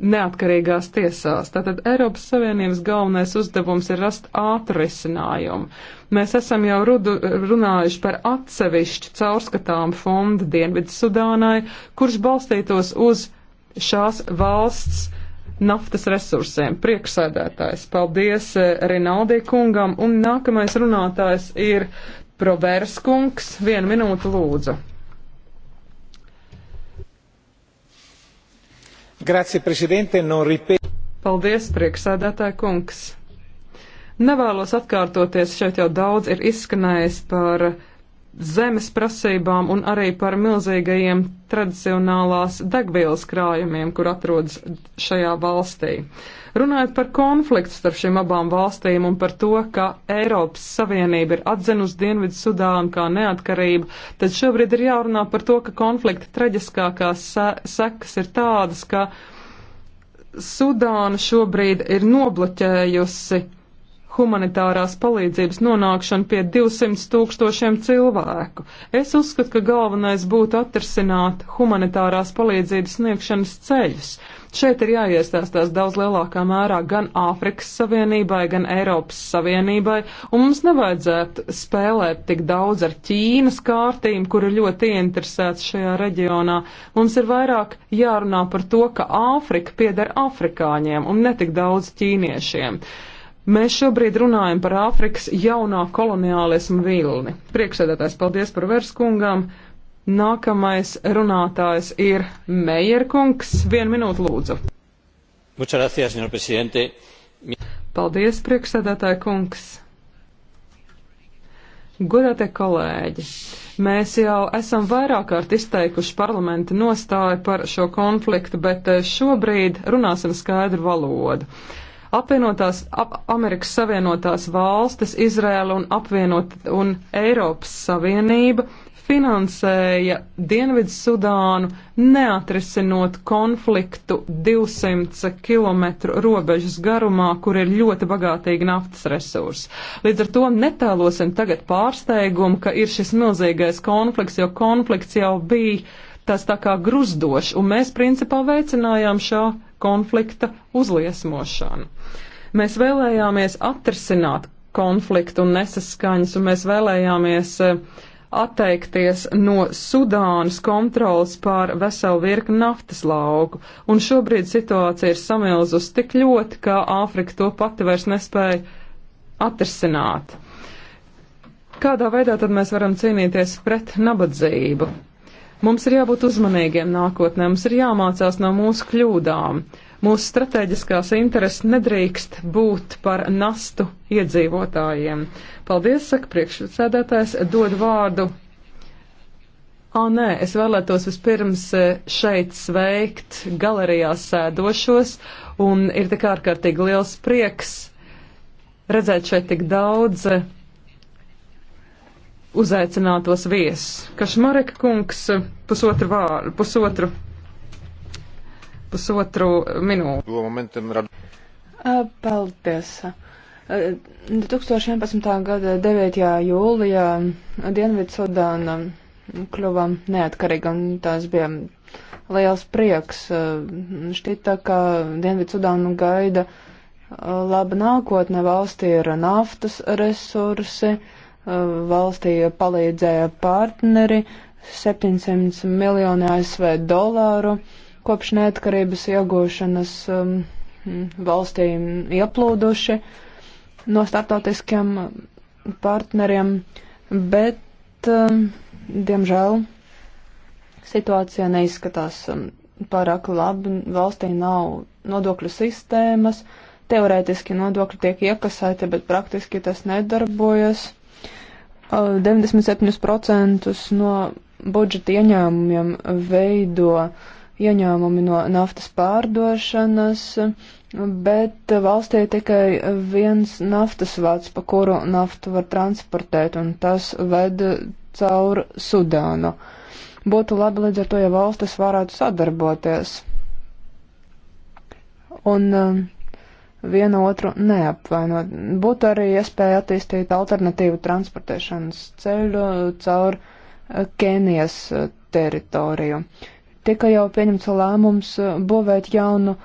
Speaker 2: neatkarīgās tiesās. Tātad Eiropas Savienības galvenais uzdevums ir rast ātru risinājumu. Mēs esam jau rudu, runājuši par atsevišķu caurskatām fondu Dienvidu Sudānai, kurš balstītos uz šās valsts naftas resursiem. Priekšsēdētājs, paldies eh, Rinaldī kungam, un nākamais runātājs ir Proverskungs. Vienu minūtu lūdzu. Grazie, prezidente, non ripet. Paldies, prieksēdētāja kungs. Nevēlos atkārtoties, šeit jau daudz ir izskanējis par zemes prasībām un arī par milzīgajiem tradicionālās degvielas krājumiem, kur atrodas šajā valstī. Runājot par konfliktu starp šīm abām valstīm un par to, ka Eiropas Savienība ir atzinusi Dienvidu Sudānu kā neatkarību, tad šobrīd ir jārunā par to, ka konflikta traģiskākās se sekas ir tādas, ka Sudāna šobrīd ir nobloķējusi humanitārās palīdzības nonākšanu pie 200 tūkstošiem cilvēku. Es uzskatu, ka galvenais būtu atrasināt humanitārās palīdzības sniegšanas ceļus. Šeit ir jāiestāstās daudz lielākā mērā gan Āfrikas Savienībai, gan Eiropas Savienībai, un mums nevajadzētu spēlēt tik daudz ar Ķīnas kārtīm, kur ir ļoti ieinteresēts šajā reģionā. Mums ir vairāk jārunā par to, ka Āfrika pieder afrikāņiem un netik daudz ķīniešiem. Mēs šobrīd runājam par Āfrikas jaunā koloniālismu vilni. Priekšsēdētājs paldies par verskungām. Nākamais runātājs ir Meierkungs. Vienu minūtu lūdzu. Gracias, paldies, priekšsēdētāja kungs. Godātie kolēģi, mēs jau esam vairāk kārt izteikuši parlamenta nostāju par šo konfliktu, bet eh, šobrīd runāsim skaidru valodu. Apvienotās ap, Amerikas Savienotās valstis, Izrēla un, apvienot, un Eiropas Savienība finansēja Dienvidu Sudānu neatrisinot konfliktu 200 km robežas garumā, kur ir ļoti bagātīgi naftas resursi. Līdz ar to netēlosim tagad pārsteigumu, ka ir šis milzīgais konflikts, jo konflikts jau bija tas tā kā gruzdošs, un mēs principā veicinājām šo konflikta uzliesmošanu. Mēs vēlējāmies atrisināt konfliktu un nesaskaņas, un mēs vēlējāmies eh, atteikties no Sudānas kontrolas pār veselu virkni naftas lauku, un šobrīd situācija ir samilzus tik ļoti, ka Āfrika to pati vairs nespēja atrisināt. Kādā veidā tad mēs varam cīnīties pret nabadzību? Mums ir jābūt uzmanīgiem nākotnē, mums ir jāmācās no mūsu kļūdām. Mūsu strateģiskās intereses nedrīkst būt par nastu iedzīvotājiem. Paldies, saka priekšsēdētājs, dod vārdu. Ā, nē, es vēlētos vispirms e, šeit sveikt galerijās sēdošos, un ir tik ārkārtīgi liels prieks redzēt šeit tik daudz e, uzaicinātos viesus. Kašmarek kungs pusotru vārdu, pusotru, pusotru minūtu.
Speaker 1: Paldies. 2011. gada 9. jūlijā Dienvidu Sudāna kļuva neatkarīga, un tās bija liels prieks. Šķita, ka Dienvidu Sudānu gaida laba nākotne, valstī ir naftas resursi. Uh, Eh, valstī palīdzēja partneri 700 miljoni ASV dolāru kopš neatkarības iegūšanas um, valstīm ieplūduši no startautiskiem partneriem, bet, um, diemžēl, situācija neizskatās um, pārāk labi. Valstī nav nodokļu sistēmas, teorētiski nodokļi tiek iekasēti, bet praktiski tas nedarbojas 97% no budžeta ieņēmumiem veido ieņēmumi no naftas pārdošanas, bet valstī tikai viens naftas vads, pa kuru naftu var transportēt, un tas ved caur Sudānu. Būtu labi līdz ar to, ja valstis varētu sadarboties. Un uh, vienu otru neapvainot. Būtu arī iespēja attīstīt alternatīvu transportēšanas ceļu caur eh, Kenijas eh, teritoriju. Tika jau pieņemts lēmums eh, būvēt jaunu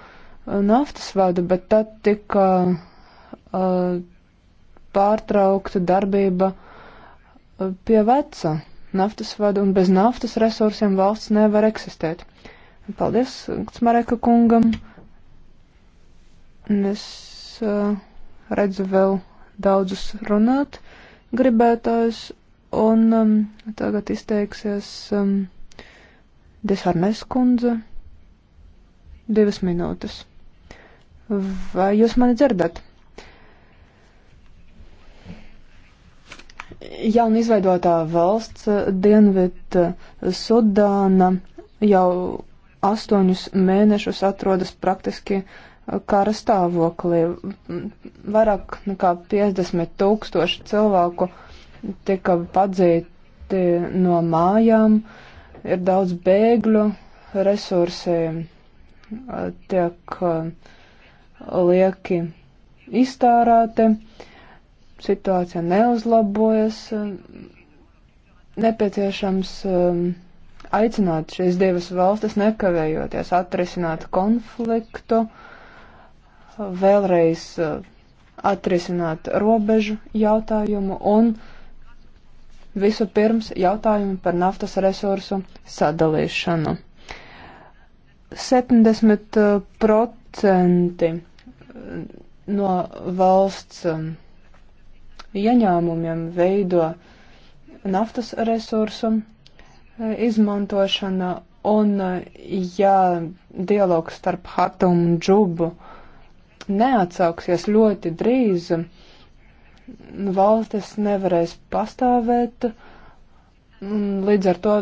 Speaker 1: naftas vadu, bet tad tika uh, pārtraukta darbība pie veca naftas vadu, un bez naftas resursiem valsts nevar eksistēt. Paldies Smareka kungam! Un es uh, redzu vēl daudzus runāt gribētājus, un um, tagad izteiksies um, Desarnes kundze divas minūtes. Vai jūs mani dzirdat? Jauna izveidotā valsts Dienvid Sudāna jau astoņus mēnešus atrodas praktiski uh, kara stāvoklī. Vairāk nekā 50 tūkstoši cilvēku tika padzīti no mājām, ir daudz bēgļu, resursi tiek lieki iztārāti, situācija neuzlabojas, nepieciešams aicināt šīs divas valstis nekavējoties atrisināt konfliktu. Uh, vēlreiz uh, atrisināt robežu jautājumu un visu pirms jautājumu par naftas resursu sadalīšanu. 70% uh, no valsts um, ieņēmumiem veido naftas resursu uh, izmantošana un, ja dialogs starp Hatu un Džubu uh, neatsauksies ļoti drīz, valstis nevarēs pastāvēt, un līdz ar to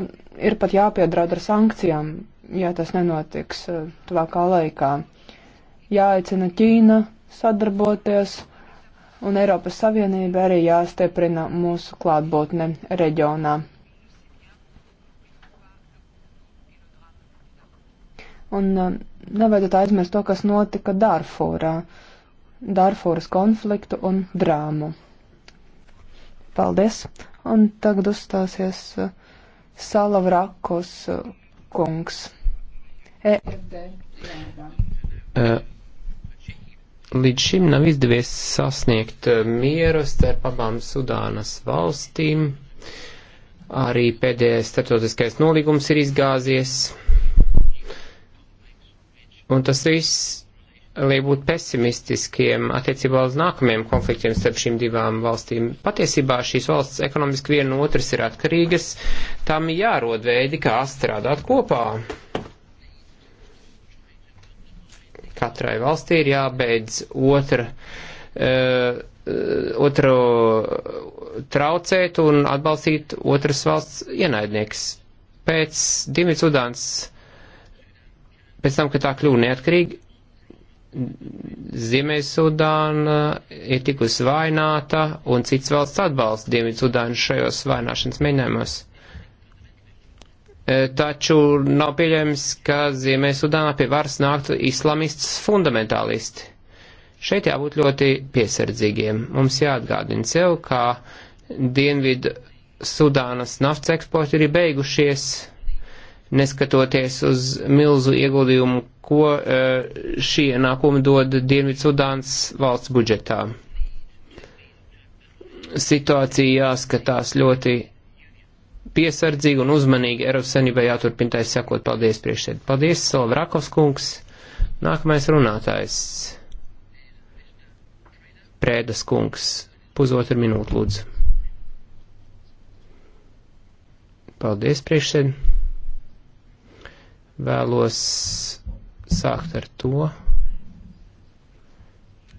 Speaker 1: ir pat jāpiedraud ar sankcijām, ja tas nenotiks e, tuvākā laikā. Jāaicina Ķīna sadarboties, un Eiropas Savienība arī jāstiprina mūsu klātbūtne reģionā. Un uh, nevajadzētu aizmirst to, kas notika Darfūrā, Darfūras konfliktu un drāmu. Paldies! Un tagad uzstāsies uh, Salavrakos uh, kungs. EFD.
Speaker 4: Līdz šim nav izdevies sasniegt mieru starp abām Sudānas valstīm. Arī pēdējais starptautiskais nolīgums ir izgāzies. Un tas viss liek būt pesimistiskiem attiecībā uz nākamajiem konfliktiem starp šīm divām valstīm. Patiesībā šīs valsts ekonomiski viena otras ir atkarīgas, tam jārod veidi, kā strādāt kopā. Katrai valstī ir jābeidz otra, uh, eh, eh, otru traucēt un atbalstīt otras valsts ienaidnieks. Pēc Dimitsudāns uh, pēc tam, kad tā kļūna neatkarīga, Ziemeļsudāna ir tikusi vaināta un cits valsts atbalsta Dienvidsudānu šajos vaināšanas mēģinājumos. E, taču nav pieļams, ka Ziemeļsudānā pie varas nāktu islamists fundamentālisti. Šeit jābūt ļoti piesardzīgiem. Mums jāatgādina sev, ka Dienvidu Sudānas nafts eksporti ir beigušies neskatoties uz milzu ieguldījumu, ko e, šī ienākuma dod Dienvidsudāns valsts budžetā. Situācija jāskatās ļoti piesardzīgi un uzmanīgi Eiropas Savienībai jāturpintais sekot. Paldies priekšsēd. Paldies, Solvrakovs kungs. Nākamais runātājs. Prēdas kungs. Pusotru minūtu lūdzu. Paldies priekšsēd. Vēlos sākt ar to,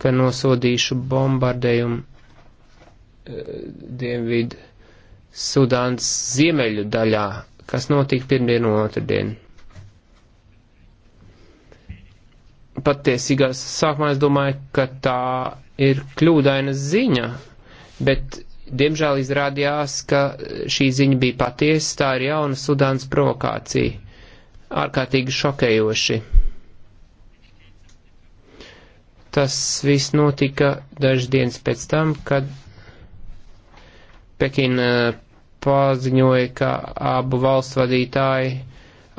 Speaker 4: ka nosodīšu bombardējumu eh, Dienvidu Sudānas ziemeļu daļā, kas notika pirmdien un otrdien. Patiesīgā sākumā es domāju, ka tā ir kļūdaina ziņa, bet diemžēl izrādījās, ka šī ziņa bija patiesa, tā ir jauna Sudānas provokācija ārkārtīgi šokējoši. Tas viss notika dažas dienas pēc tam, kad Pekina eh, paziņoja, ka abu valstu vadītāji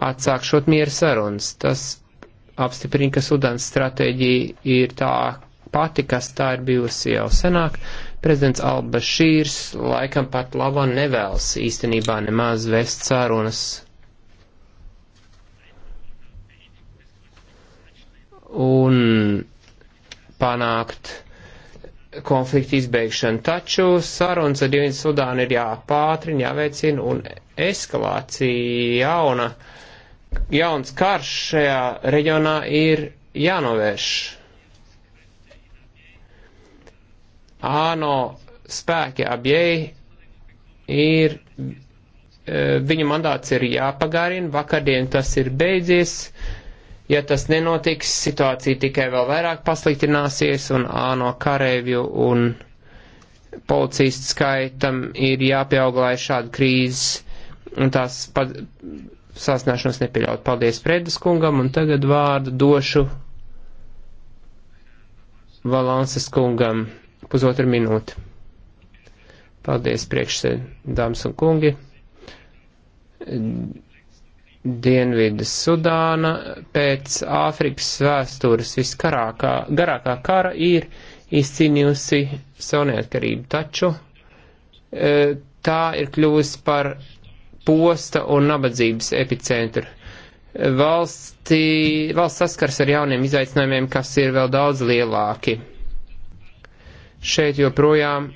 Speaker 4: atsākšot miera sarunas. Tas apstiprina, ka Sudānas stratēģija ir tā pati, kas tā ir bijusi jau senāk. Prezidents Alba Šīrs laikam pat labo nevēlas īstenībā nemaz vest sarunas un panākt konflikta izbeigšanu. Taču sarunas ar Dienvidu Sudānu ir jāpātrina, jāveicina un eskalācija jauna, jauns karš šajā reģionā ir jānovērš. Āno spēki abieji ir, eh, viņu mandāts ir jāpagarina, vakardien tas ir beidzies Ja tas nenotiks, situācija tikai vēl vairāk pasliktināsies un āno karēvju un policistu skaitam ir jāpieaug, lai šāda krīzes un tās sasniegšanas nepieļaut. Paldies Predes kungam, un tagad vārdu došu Valanses kungam pusotru minūti. Paldies priekšsēdāms un kungi. Dienvidu Sudāna pēc Āfrikas vēstures viskarākā, garākā kara ir izcīnījusi savu neatkarību, taču e, tā ir kļuvusi par posta un nabadzības epicentru. Valsti, valsts saskars ar jauniem izaicinājumiem, kas ir vēl daudz lielāki. Šeit joprojām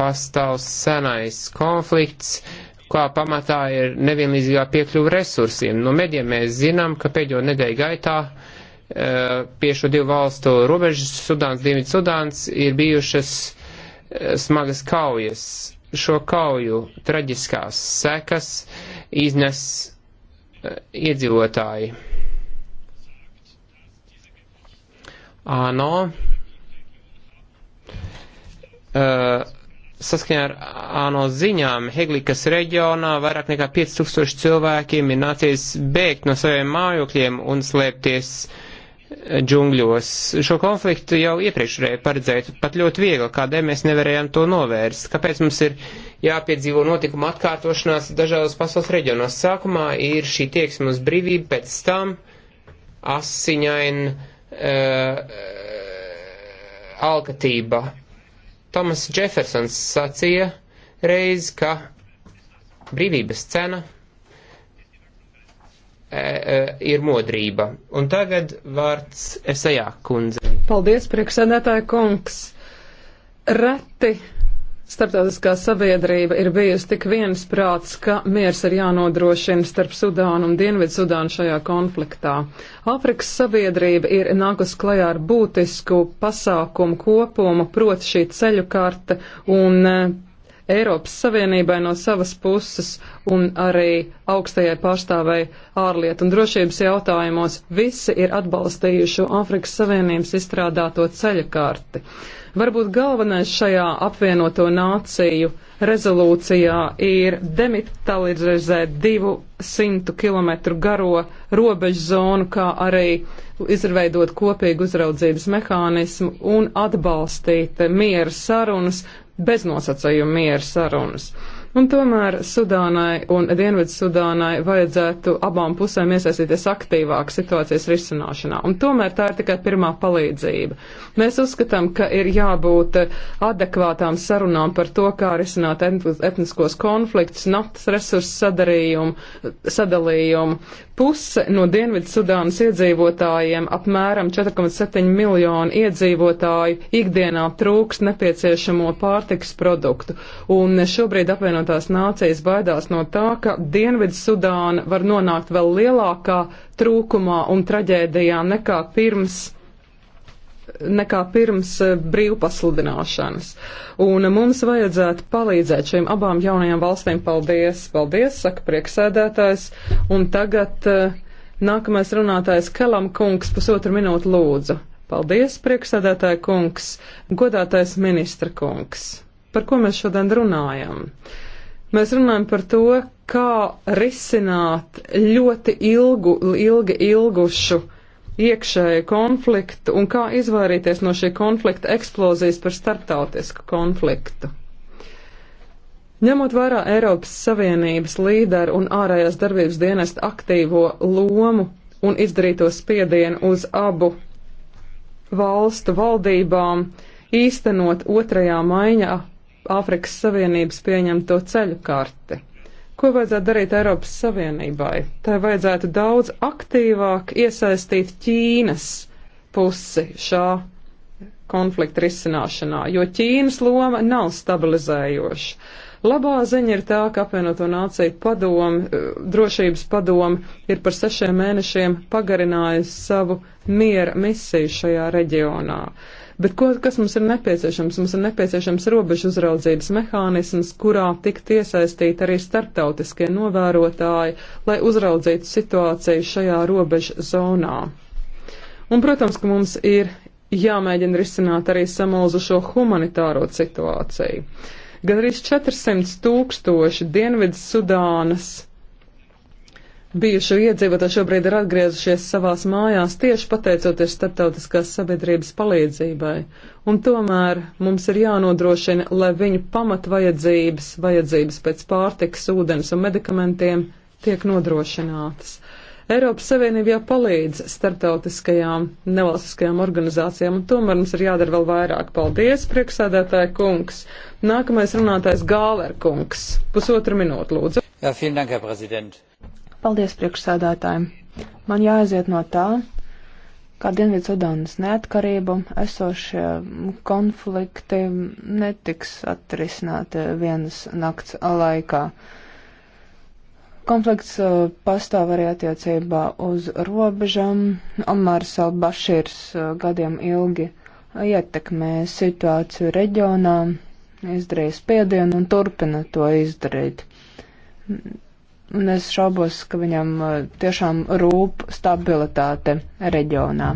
Speaker 4: pastāv senais konflikts, uh, kā pamatā ir nevienlīdzīgā piekļuva resursiem. No mediem mēs zinām, ka pēdējo nedēļu gaitā eh, pie šo divu valstu robežas, Sudāns, Dienvidu Sudāns, ir bijušas eh, smagas kaujas. Šo kauju traģiskās sekas iznes eh, iedzīvotāji. ANO uh, Saskaņā ar ANO ziņām Heglikas reģionā vairāk nekā 5000 cilvēkiem ir nācies bēgt no saviem mājokļiem un slēpties eh, džungļos. Šo konfliktu jau iepriekš varēja paredzēt, pat ļoti viegli, kādēļ mēs nevarējām to novērst. Kāpēc mums ir jāpiedzīvo notikuma atkārtošanās dažādos pasaules reģionos? Sākumā ir šī tieksme uz brīvību, pēc tam asiņaina uh, eh, eh, alkatība Tomas Jeffersons sacīja reiz, ka brīvības cena e, e, ir modrība. Un tagad vārds esajā kundze.
Speaker 2: Paldies, priekšsēdētāja kungs. Reti Startautiskā sabiedrība ir bijusi tik viensprāts, ka miers ir jānodrošina starp Sudānu un Dienvidu Sudānu šajā konfliktā. Āfrikas sabiedrība ir nākus klajā ar būtisku pasākumu kopumu, proti šī ceļu karta un eh, Eiropas Savienībai no savas puses un arī augstajai pārstāvēji ārlietu un drošības jautājumos visi ir atbalstījuši Āfrikas Savienības izstrādāto ceļu karti. Varbūt galvenais šajā apvienoto nāciju rezolūcijā ir demitalizēt 200 km garo robežu zonu, kā arī izveidot kopīgu uzraudzības mehānismu un atbalstīt miera sarunas, beznosacējumu miera sarunas. Un tomēr Sudānai un Dienvidu Sudānai vajadzētu abām pusēm iesaistīties aktīvāk situācijas risināšanā. Un tomēr tā ir tikai pirmā palīdzība. Mēs uzskatām, ka ir jābūt adekvātām sarunām par to, kā risināt etniskos konfliktus, naftas resursu sadarījumu, sadalījumu, Puse no Dienvidsudānas iedzīvotājiem, apmēram 4,7 miljonu iedzīvotāju, ikdienā trūks nepieciešamo pārtiks produktu, un šobrīd apvienotās nācijas baidās no tā, ka Dienvidsudāna var nonākt vēl lielākā trūkumā un traģēdijā nekā pirms nekā pirms e, brīvpasludināšanas. Un mums vajadzētu palīdzēt šīm abām jaunajām valstīm. Paldies, paldies, saka prieksēdētājs. Un tagad e, nākamais runātājs Kelam kungs pusotru minūtu lūdzu. Paldies, prieksēdētāja kungs, godātais ministra kungs. Par ko mēs šodien runājam? Mēs runājam par to, kā risināt ļoti ilgu, ilgi ilgušu uh, iekšēju konfliktu un kā izvairīties no šī konflikta eksplozijas par starptautisku konfliktu. Ņemot vērā Eiropas Savienības līderu un ārējās darbības dienesta aktīvo lomu un izdarīto spiedienu uz abu valstu valdībām, īstenot otrajā maiņā Āfrikas Savienības pieņemto ceļu karti. Ko vajadzētu darīt Eiropas Savienībai? Tai vajadzētu daudz aktīvāk iesaistīt Ķīnas pusi šā konflikta risināšanā, jo Ķīnas loma nav stabilizējoša. Labā ziņa ir tā, ka apvienoto nāciju padomu, drošības padomu ir par sešiem mēnešiem pagarinājusi savu miera misiju šajā reģionā. Uh, Bet ko, kas mums ir nepieciešams? Mums ir nepieciešams robežu uzraudzības mehānisms, kurā tikt iesaistīt arī starptautiskie novērotāji, lai uzraudzītu situāciju šajā robežu zonā. Un, protams, ka mums ir jāmēģina risināt arī samulzušo humanitāro situāciju. Gan arī 400 tūkstoši Dienvidas Sudānas bijušo iedzīvotāju šobrīd ir atgriezušies savās mājās tieši pateicoties starptautiskās sabiedrības palīdzībai. Un tomēr mums ir jānodrošina, lai viņu pamatvajadzības, vajadzības pēc pārtikas, ūdens un medikamentiem tiek nodrošinātas. Eiropas Savienība jau palīdz starptautiskajām nevalstiskajām organizācijām, un tomēr mums ir jādara vēl vairāk. Paldies, prieksēdētāja kungs! Nākamais runātājs Gāler kungs. Pusotru minūtu, lūdzu. Jā, ja, vielen dank, Herr Präsident.
Speaker 1: Paldies priekšsēdētājiem. Man jāaiziet no tā, kā Dienvidu Sudānas neatkarību esošie konflikti netiks atrisināti vienas nakts laikā. Konflikts uh, pastāv arī attiecībā uz robežām. Omars al-Bašīrs uh, gadiem ilgi ietekmē situāciju reģionā, izdarīja spiedienu un turpina to izdarīt un es šaubos, ka viņam uh, tiešām rūp stabilitāte reģionā.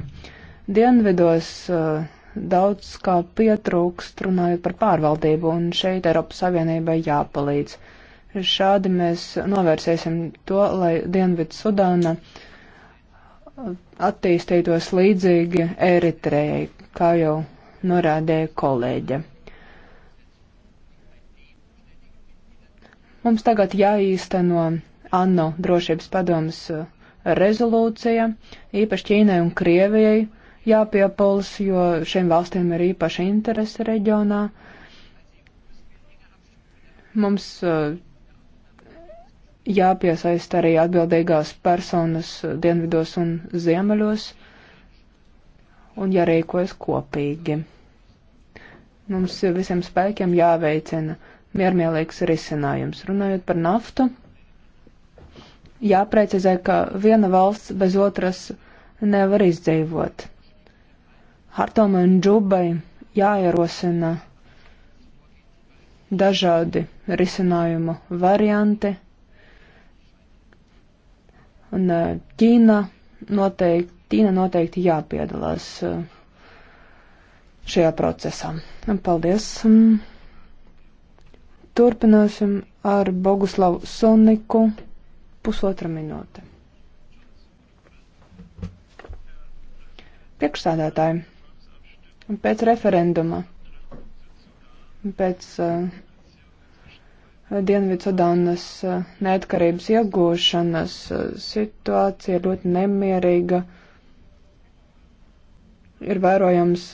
Speaker 1: Dienvidos uh, daudz kā pietrūkst runājot par pārvaldību, un šeit Eiropas Savienībai jāpalīdz. Šādi mēs novērsēsim to, lai Dienvidu Sudāna uh, attīstītos līdzīgi Eritrejai, kā jau norādīja kolēģe. Mums tagad jāīsteno ANO drošības padomas uh, rezolūcija, īpaši Ķīnai un Krievijai jāpiepuls, jo šiem valstīm ir īpaši interesi reģionā. Mums uh, jāpiesaist arī atbildīgās personas uh, dienvidos un ziemeļos un jārīkojas kopīgi. Mums visiem spēkiem jāveicina miermīlīgs risinājums. Runājot par naftu, jāprecizē, ka viena valsts bez otras nevar izdzīvot. Hartomai un Džubai jāierosina dažādi risinājumu varianti, un eh, Ķīna noteikti, Ķīna noteikti jāpiedalās eh, šajā procesā. Paldies! Mm, Turpināsim ar Boguslavu Soniku pusotra minūte. Priekšsādātāji, pēc referenduma, pēc uh, eh, Dienvidsudānas eh, neatkarības iegūšanas eh, situācija ļoti nemierīga. Ir vērojams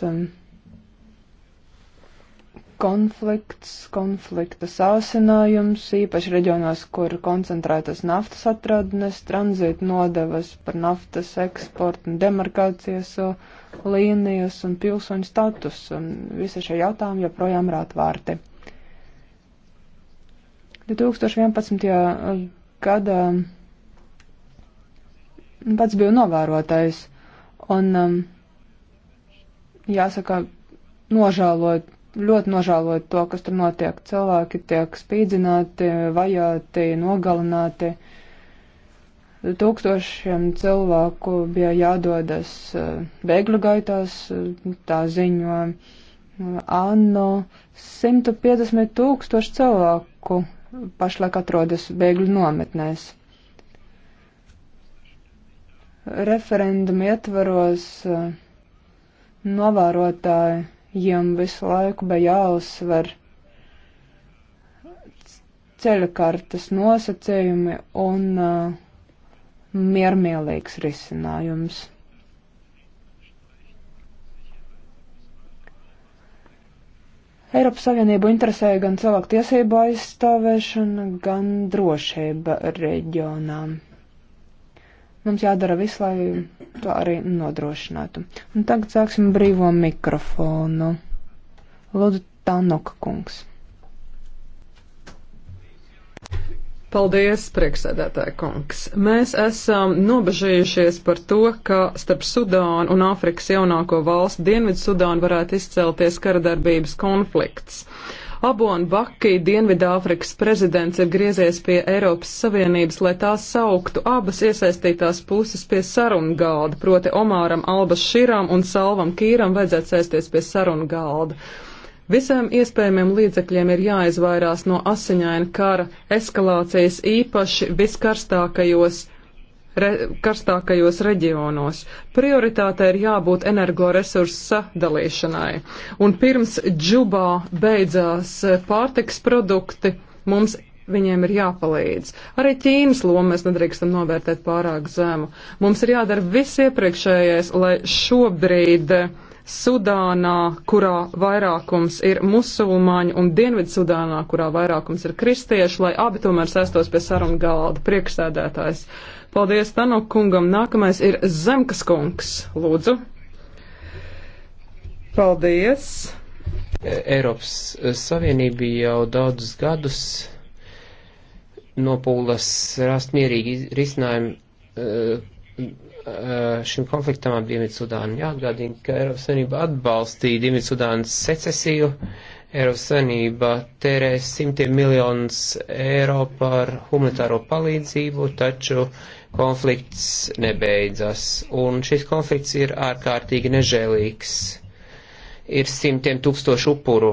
Speaker 1: konflikts, konflikta sāsinājums, īpaši reģionos, kur koncentrētas naftas atradnes, tranzīta nodevas par naftas eksportu un demarkācijas uh, līnijas un pilsoņu status. Un visi šie jautājumi joprojām rātvārti. 2011. gada pats biju novērotais un um, jāsaka, nožēlot ļoti nožēloju to, kas tur notiek. Cilvēki tiek spīdzināti, vajāti, nogalināti. Tūkstošiem cilvēku bija jādodas eh, bēgļu gaitās, eh, tā ziņo eh, Anno. 150 tūkstoši cilvēku pašlaik atrodas bēgļu nometnēs. Referendumu ietvaros novērotāji Viņam visu laiku bija jāuzsver ceļkartas nosacījumi un uh, miermīlīgs risinājums. Eiropas Savienību interesēja gan cilvēku tiesību aizstāvēšana, gan drošība reģionām. Mums jādara viss, lai to arī nodrošinātu. Un tagad sāksim brīvo mikrofonu. Lūdzu, Tanoka kungs.
Speaker 2: Paldies, priekšsēdētāja kungs. Mēs esam nobežījušies par to, ka starp Sudānu un Āfrikas jaunāko valstu Dienvidu Sudānu varētu izcelties karadarbības konflikts. Uh, Abon Bakī, Dienvidāfrikas prezidents, ir griezies pie Eiropas Savienības, lai tās sauktu abas iesaistītās puses pie sarunu galda, proti Omāram Albas Širam un Salvam Kīram vajadzētu sēsties pie sarunu galda. Visiem iespējamiem līdzekļiem ir jāizvairās no asiņaina kara eskalācijas īpaši viskarstākajos re, karstākajos reģionos. Prioritāte ir jābūt energoresursu sadalīšanai. Un pirms džubā beidzās pārtiks produkti, mums viņiem ir jāpalīdz. Arī Ķīnas lomu mēs nedrīkstam novērtēt pārāk zemu. Mums ir jādara viss iepriekšējais, lai šobrīd Sudānā, kurā vairākums ir musulmaņi, un Dienvidsudānā, kurā vairākums ir kristieši, lai abi tomēr sēstos pie sarunu galda priekšsēdētājs. Paldies Tanok kungam. Nākamais ir Zemkas kungs. Lūdzu.
Speaker 4: Paldies. E, Eiropas Savienība jau daudzus gadus nopūlas rast mierīgi risinājumu e, e, šim konfliktam ar Dienvidsudānu. Jāatgādina, ka Eiropas Savienība atbalstīja Dienvidsudānas secesiju. Eiropas Savienība tērē simtiem miljonus eiro par humanitāro palīdzību, taču konflikts nebeidzas, un šis konflikts ir ārkārtīgi nežēlīgs. Ir simtiem tūkstošu upuru.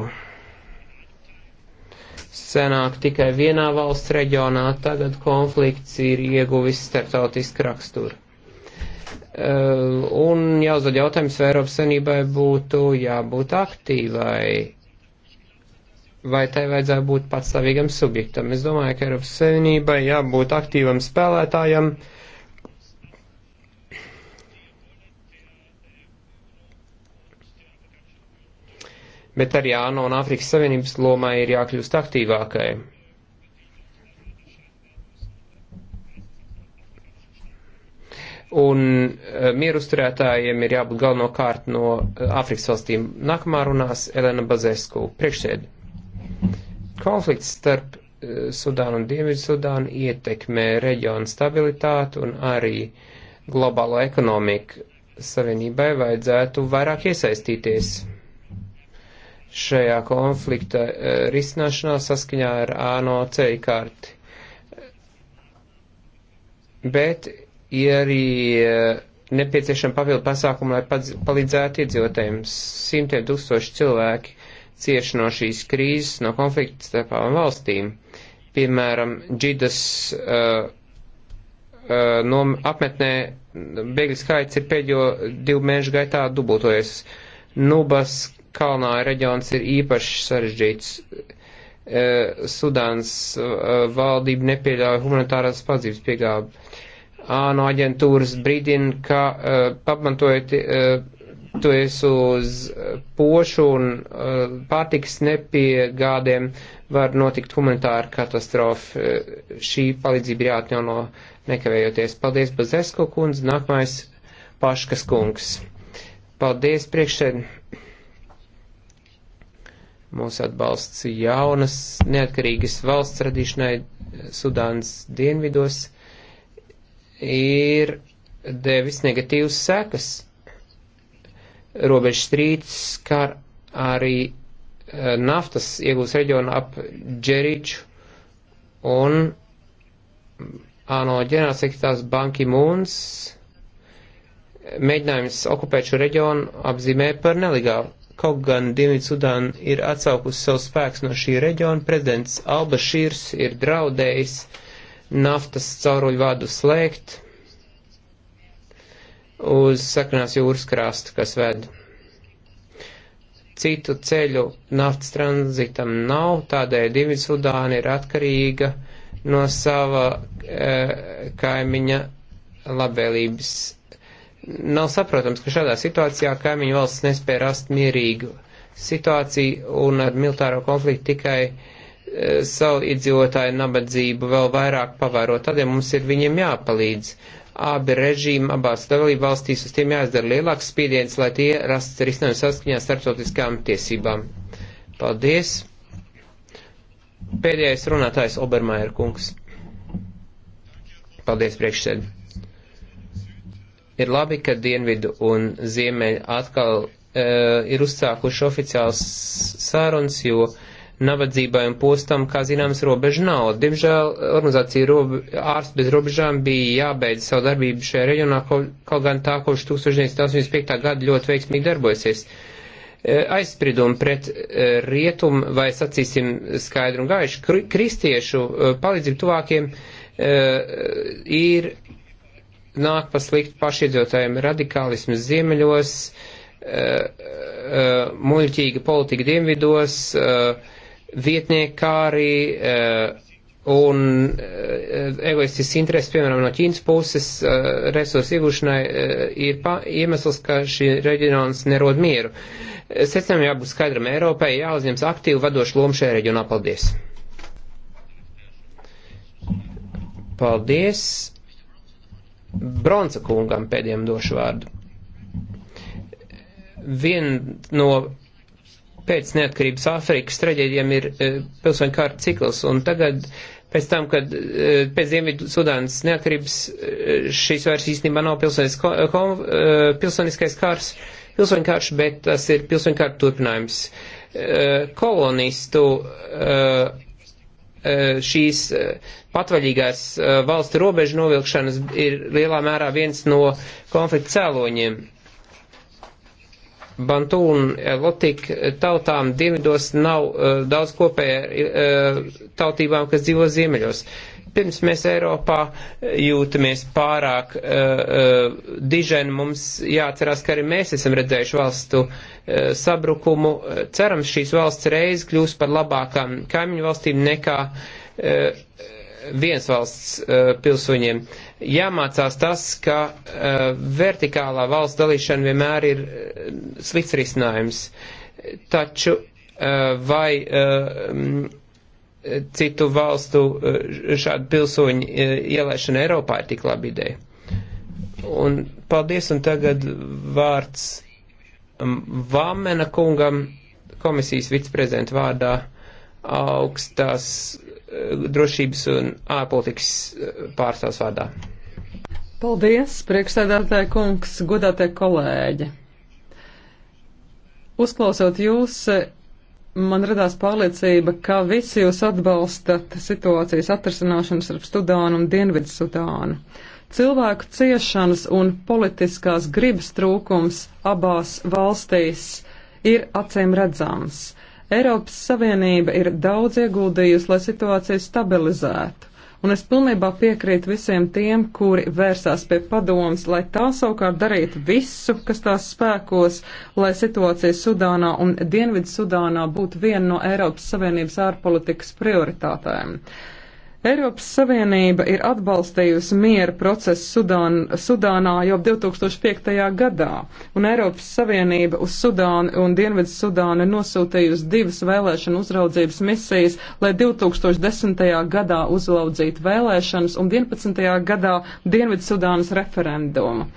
Speaker 4: Senāk tikai vienā valsts reģionā, tagad konflikts ir ieguvis starptautisku raksturu. Un jāuzdod jautājums, vai Eiropas Savienībai būtu jābūt aktīvai vai tai vajadzētu būt patstāvīgam subjektam. Es domāju, ka Eiropas Savienībai jābūt aktīvam spēlētājam. Bet arī ANO un Āfrikas Savienības lomai ir jākļūst aktīvākai. Un eh, mierusturētājiem ir jābūt galvenokārt no eh, Āfrikas valstīm. Nākamā runās Elena Bazesku, priekšsēdi. Konflikts starp eh, Sudānu un Dienvidsudānu ietekmē reģionu stabilitātu un arī globālo ekonomiku. Savienībai vajadzētu vairāk iesaistīties šajā konflikta eh, risināšanā saskaņā ar ANO ceļu karti. Bet ir arī eh, nepieciešama papildu pasākuma, lai palīdzētu iedzīvotājiem. Simtiem tūkstoši cilvēki cieš no šīs krīzes, no konflikta starp valstīm. Piemēram, Džidas uh, uh, no apmetnē bēgļu skaits ir pēdējo divu mēnešu gaitā dubultojies. Nubas kalnā reģions ir īpaši sarežģīts. Uh, Sudāns uh, valdība nepieļauj humanitārās padzības piegābu. ANO aģentūras brīdina, ka uh, pamantojot uh, skatoties uz eh, pošu un uh, pārtiks nepiegādēm, var notikt humanitāra katastrofa. Uh, šī palīdzība ir jāatjauno nekavējoties. Paldies, Bazesko kundze. Nākamais Paškas kungs. Paldies, priekšsēd. Mūsu atbalsts jaunas neatkarīgas valsts radīšanai Sudānas dienvidos ir devis negatīvas sekas robežu strīds skar arī eh, naftas iegūs reģionu ap Džeriču un ANO ģenerālsekretārs Banki Mūns eh, mēģinājums okupēt šo reģionu apzīmē par nelegālu. Kaut gan Dienvidsudāna ir atsaukusi savus spēkus no šī reģiona, prezidents Albašīrs ir draudējis naftas cauruļu vadu slēgt uz saknās jūras krasta, kas ved. Citu ceļu naftas tranzitam nav, tādēļ Dienvidsudāna ir atkarīga no sava e, kaimiņa labvēlības. Nav saprotams, ka šādā situācijā kaimiņu valsts nespēja rast mierīgu situāciju un ar militāro konfliktu tikai e, savu iedzīvotāju nabadzību vēl vairāk pavēro. Tādēļ ja mums ir viņiem jāpalīdz. E, abi režīmi abās dalību valstīs uz tiem jāizdara lielāks spiediens, lai tie rasts risinājums saskaņā starptautiskām tiesībām. Paldies! Pēdējais runātājs Obermaier kungs. Paldies priekšsēd. Ir labi, ka dienvidu un ziemeļu atkal uh, ir uzsākuši oficiāls sāruns, jo uh, nabadzībai un postam, kā zināms, robeža nav. Diemžēl organizācija robe, ārsts bez robežām bija jābeidz savu darbību šajā reģionā, kaut gan tā kopš 1985. gada ļoti veiksmīgi darbojasies. E, Aizspridumi pret e, rietumu vai, sacīsim, skaidru un gaišu kristiešu e, palīdzību tuvākiem ir nāk pa sliktu pašiedzīvotājiem radikālismas ziemeļos, muļķīga politika dienvidos, uh, vietnieki, kā arī uh, un uh, egoistisks interesi, piemēram, no Ķīnas puses uh, resursu iegūšanai, uh, ir pa, iemesls, ka šī reģions nerod mieru. Secinājumam jābūt skaidram Eiropai, jāuzņems aktīvu vadošu lomu šajā reģionā. Paldies! Paldies! Bronca kungam pēdējiem došu vārdu. Viena no pēc neatkarības Āfrikas traģēdiem ir eh, pilsoņu kārta cikls, un tagad pēc tam, kad eh, pēc Dienvidu Sudānas neatkarības eh, šīs vairs īstenībā nav pilsoniskais kārs, pilsoņu kārš, bet tas ir pilsoņu kārta turpinājums. Kolonistu šīs patvaļīgās valstu robežu novilkšanas ir lielā mērā viens no konflikta cēloņiem Bantu un Lotik tautām dienvidos nav uh, daudz kopēja uh, tautībām, kas dzīvo ziemeļos. Pirms mēs Eiropā eh, jūtamies pārāk uh, uh, diženi, mums jāatcerās, ka arī mēs esam redzējuši valstu uh, sabrukumu. Cerams, šīs valsts reiz kļūs par labākām kaimiņu valstīm nekā. Uh, viens valsts uh, pilsoņiem. Jāmācās tas, ka uh, vertikālā valsts dalīšana vienmēr ir uh, slikts risinājums. Taču uh, vai uh, citu valstu uh, šādu pilsoņu uh, ielaišana Eiropā ir tik laba ideja? Un paldies, un tagad vārds um, Vāmena kungam komisijas viceprezidenta vārdā augstās Eh, drošības un ārpolitikas eh, pārstāvs vārdā.
Speaker 2: Paldies, priekšsēdētāja kungs, godātie kolēģi. Uzklausot jūs, eh, man radās pārliecība, ka visi jūs atbalstat situācijas atrasināšanas ar Sudānu un Dienvidu Sudānu. Cilvēku ciešanas un politiskās gribas trūkums abās valstīs ir acīm redzams. Eiropas Savienība ir daudz ieguldījusi, lai situāciju stabilizētu. Un es pilnībā piekrītu visiem tiem, kuri vērsās pie padomas, lai tā savukārt darītu visu, kas tās spēkos, lai situācija Sudānā un Dienvidu Sudānā būtu viena no Eiropas Savienības ārpolitikas prioritātēm. Uh, Eiropas Savienība ir atbalstījusi miera procesu Sudan, Sudānā jau 2005. gadā, un Eiropas Savienība uz Sudānu un Dienvidu Sudānu ir nosūtījusi divas vēlēšanu uzraudzības misijas, lai 2010. gadā uzlaudzītu vēlēšanas un 11. gadā Dienvidu Sudānas referendumu.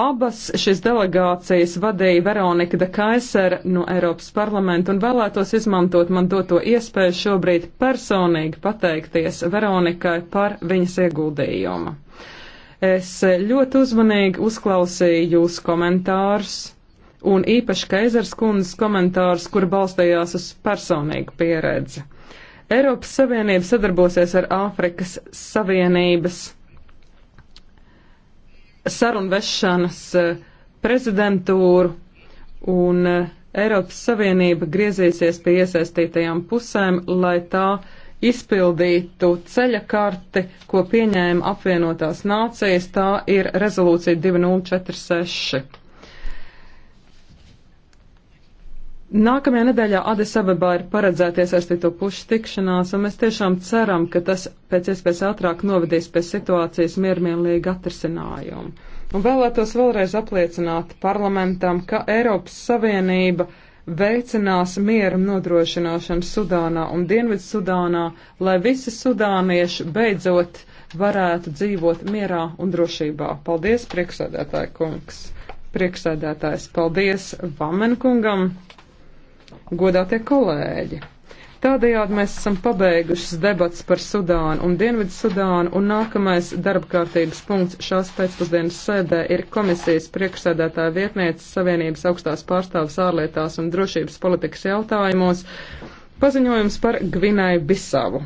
Speaker 2: Abas šīs delegācijas vadīja Veronika de Kaisera no Eiropas parlamenta un vēlētos izmantot man doto iespēju šobrīd personīgi pateikties Veronikai par viņas ieguldījumu. Es ļoti uzmanīgi uzklausīju jūsu komentārus un īpaši Kaisers kundzes komentārus, kur balstījās uz personīgu pieredzi. Eiropas Savienība sadarbosies ar Āfrikas Savienības sarunvešanas eh, prezidentūru un eh, Eiropas Savienība griezīsies pie iesaistītajām pusēm, lai tā izpildītu ceļa karti, ko pieņēma apvienotās nācijas. Tā ir rezolūcija 2046. Nākamajā nedēļā Adisabebā ir paredzēties aizstīto pušu tikšanās, un mēs tiešām ceram, ka tas pēc iespējas ātrāk novedīs pie situācijas miermienlīga atrisinājumu. Un vēlētos vēlreiz apliecināt parlamentam, ka Eiropas Savienība veicinās mieru nodrošināšanu Sudānā un Dienvidu Sudānā, lai visi sudānieši beidzot varētu dzīvot mierā un drošībā. Paldies, priekšsēdētāji kungs! Priekšsēdētājs, paldies Vamenkungam! godātie kolēģi! Tādējādi mēs esam pabeigušas debats par Sudānu un Dienvidu Sudānu, un nākamais darba kārtības punkts šās pēcpusdienas sēdē ir komisijas priekšsēdētāja vietnieces Savienības augstās pārstāvas ārlietās un drošības politikas jautājumos paziņojums par Gvinai Bisavu.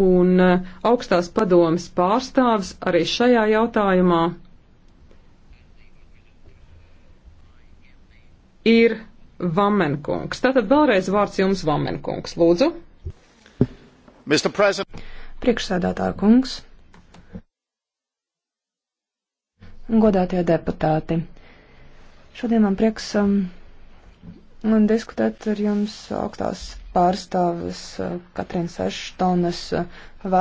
Speaker 2: Un eh, augstās padomas pārstāvis arī šajā jautājumā ir Vamenkungs. Tātad vēlreiz vārds jums, Vamenkungs. Lūdzu. Priekšsēdētāja kungs.
Speaker 1: Godātie deputāti. Šodien man prieks um, man diskutēt ar jums augstās pārstāvis uh, Katrīnas Eštonas uh, vārdu.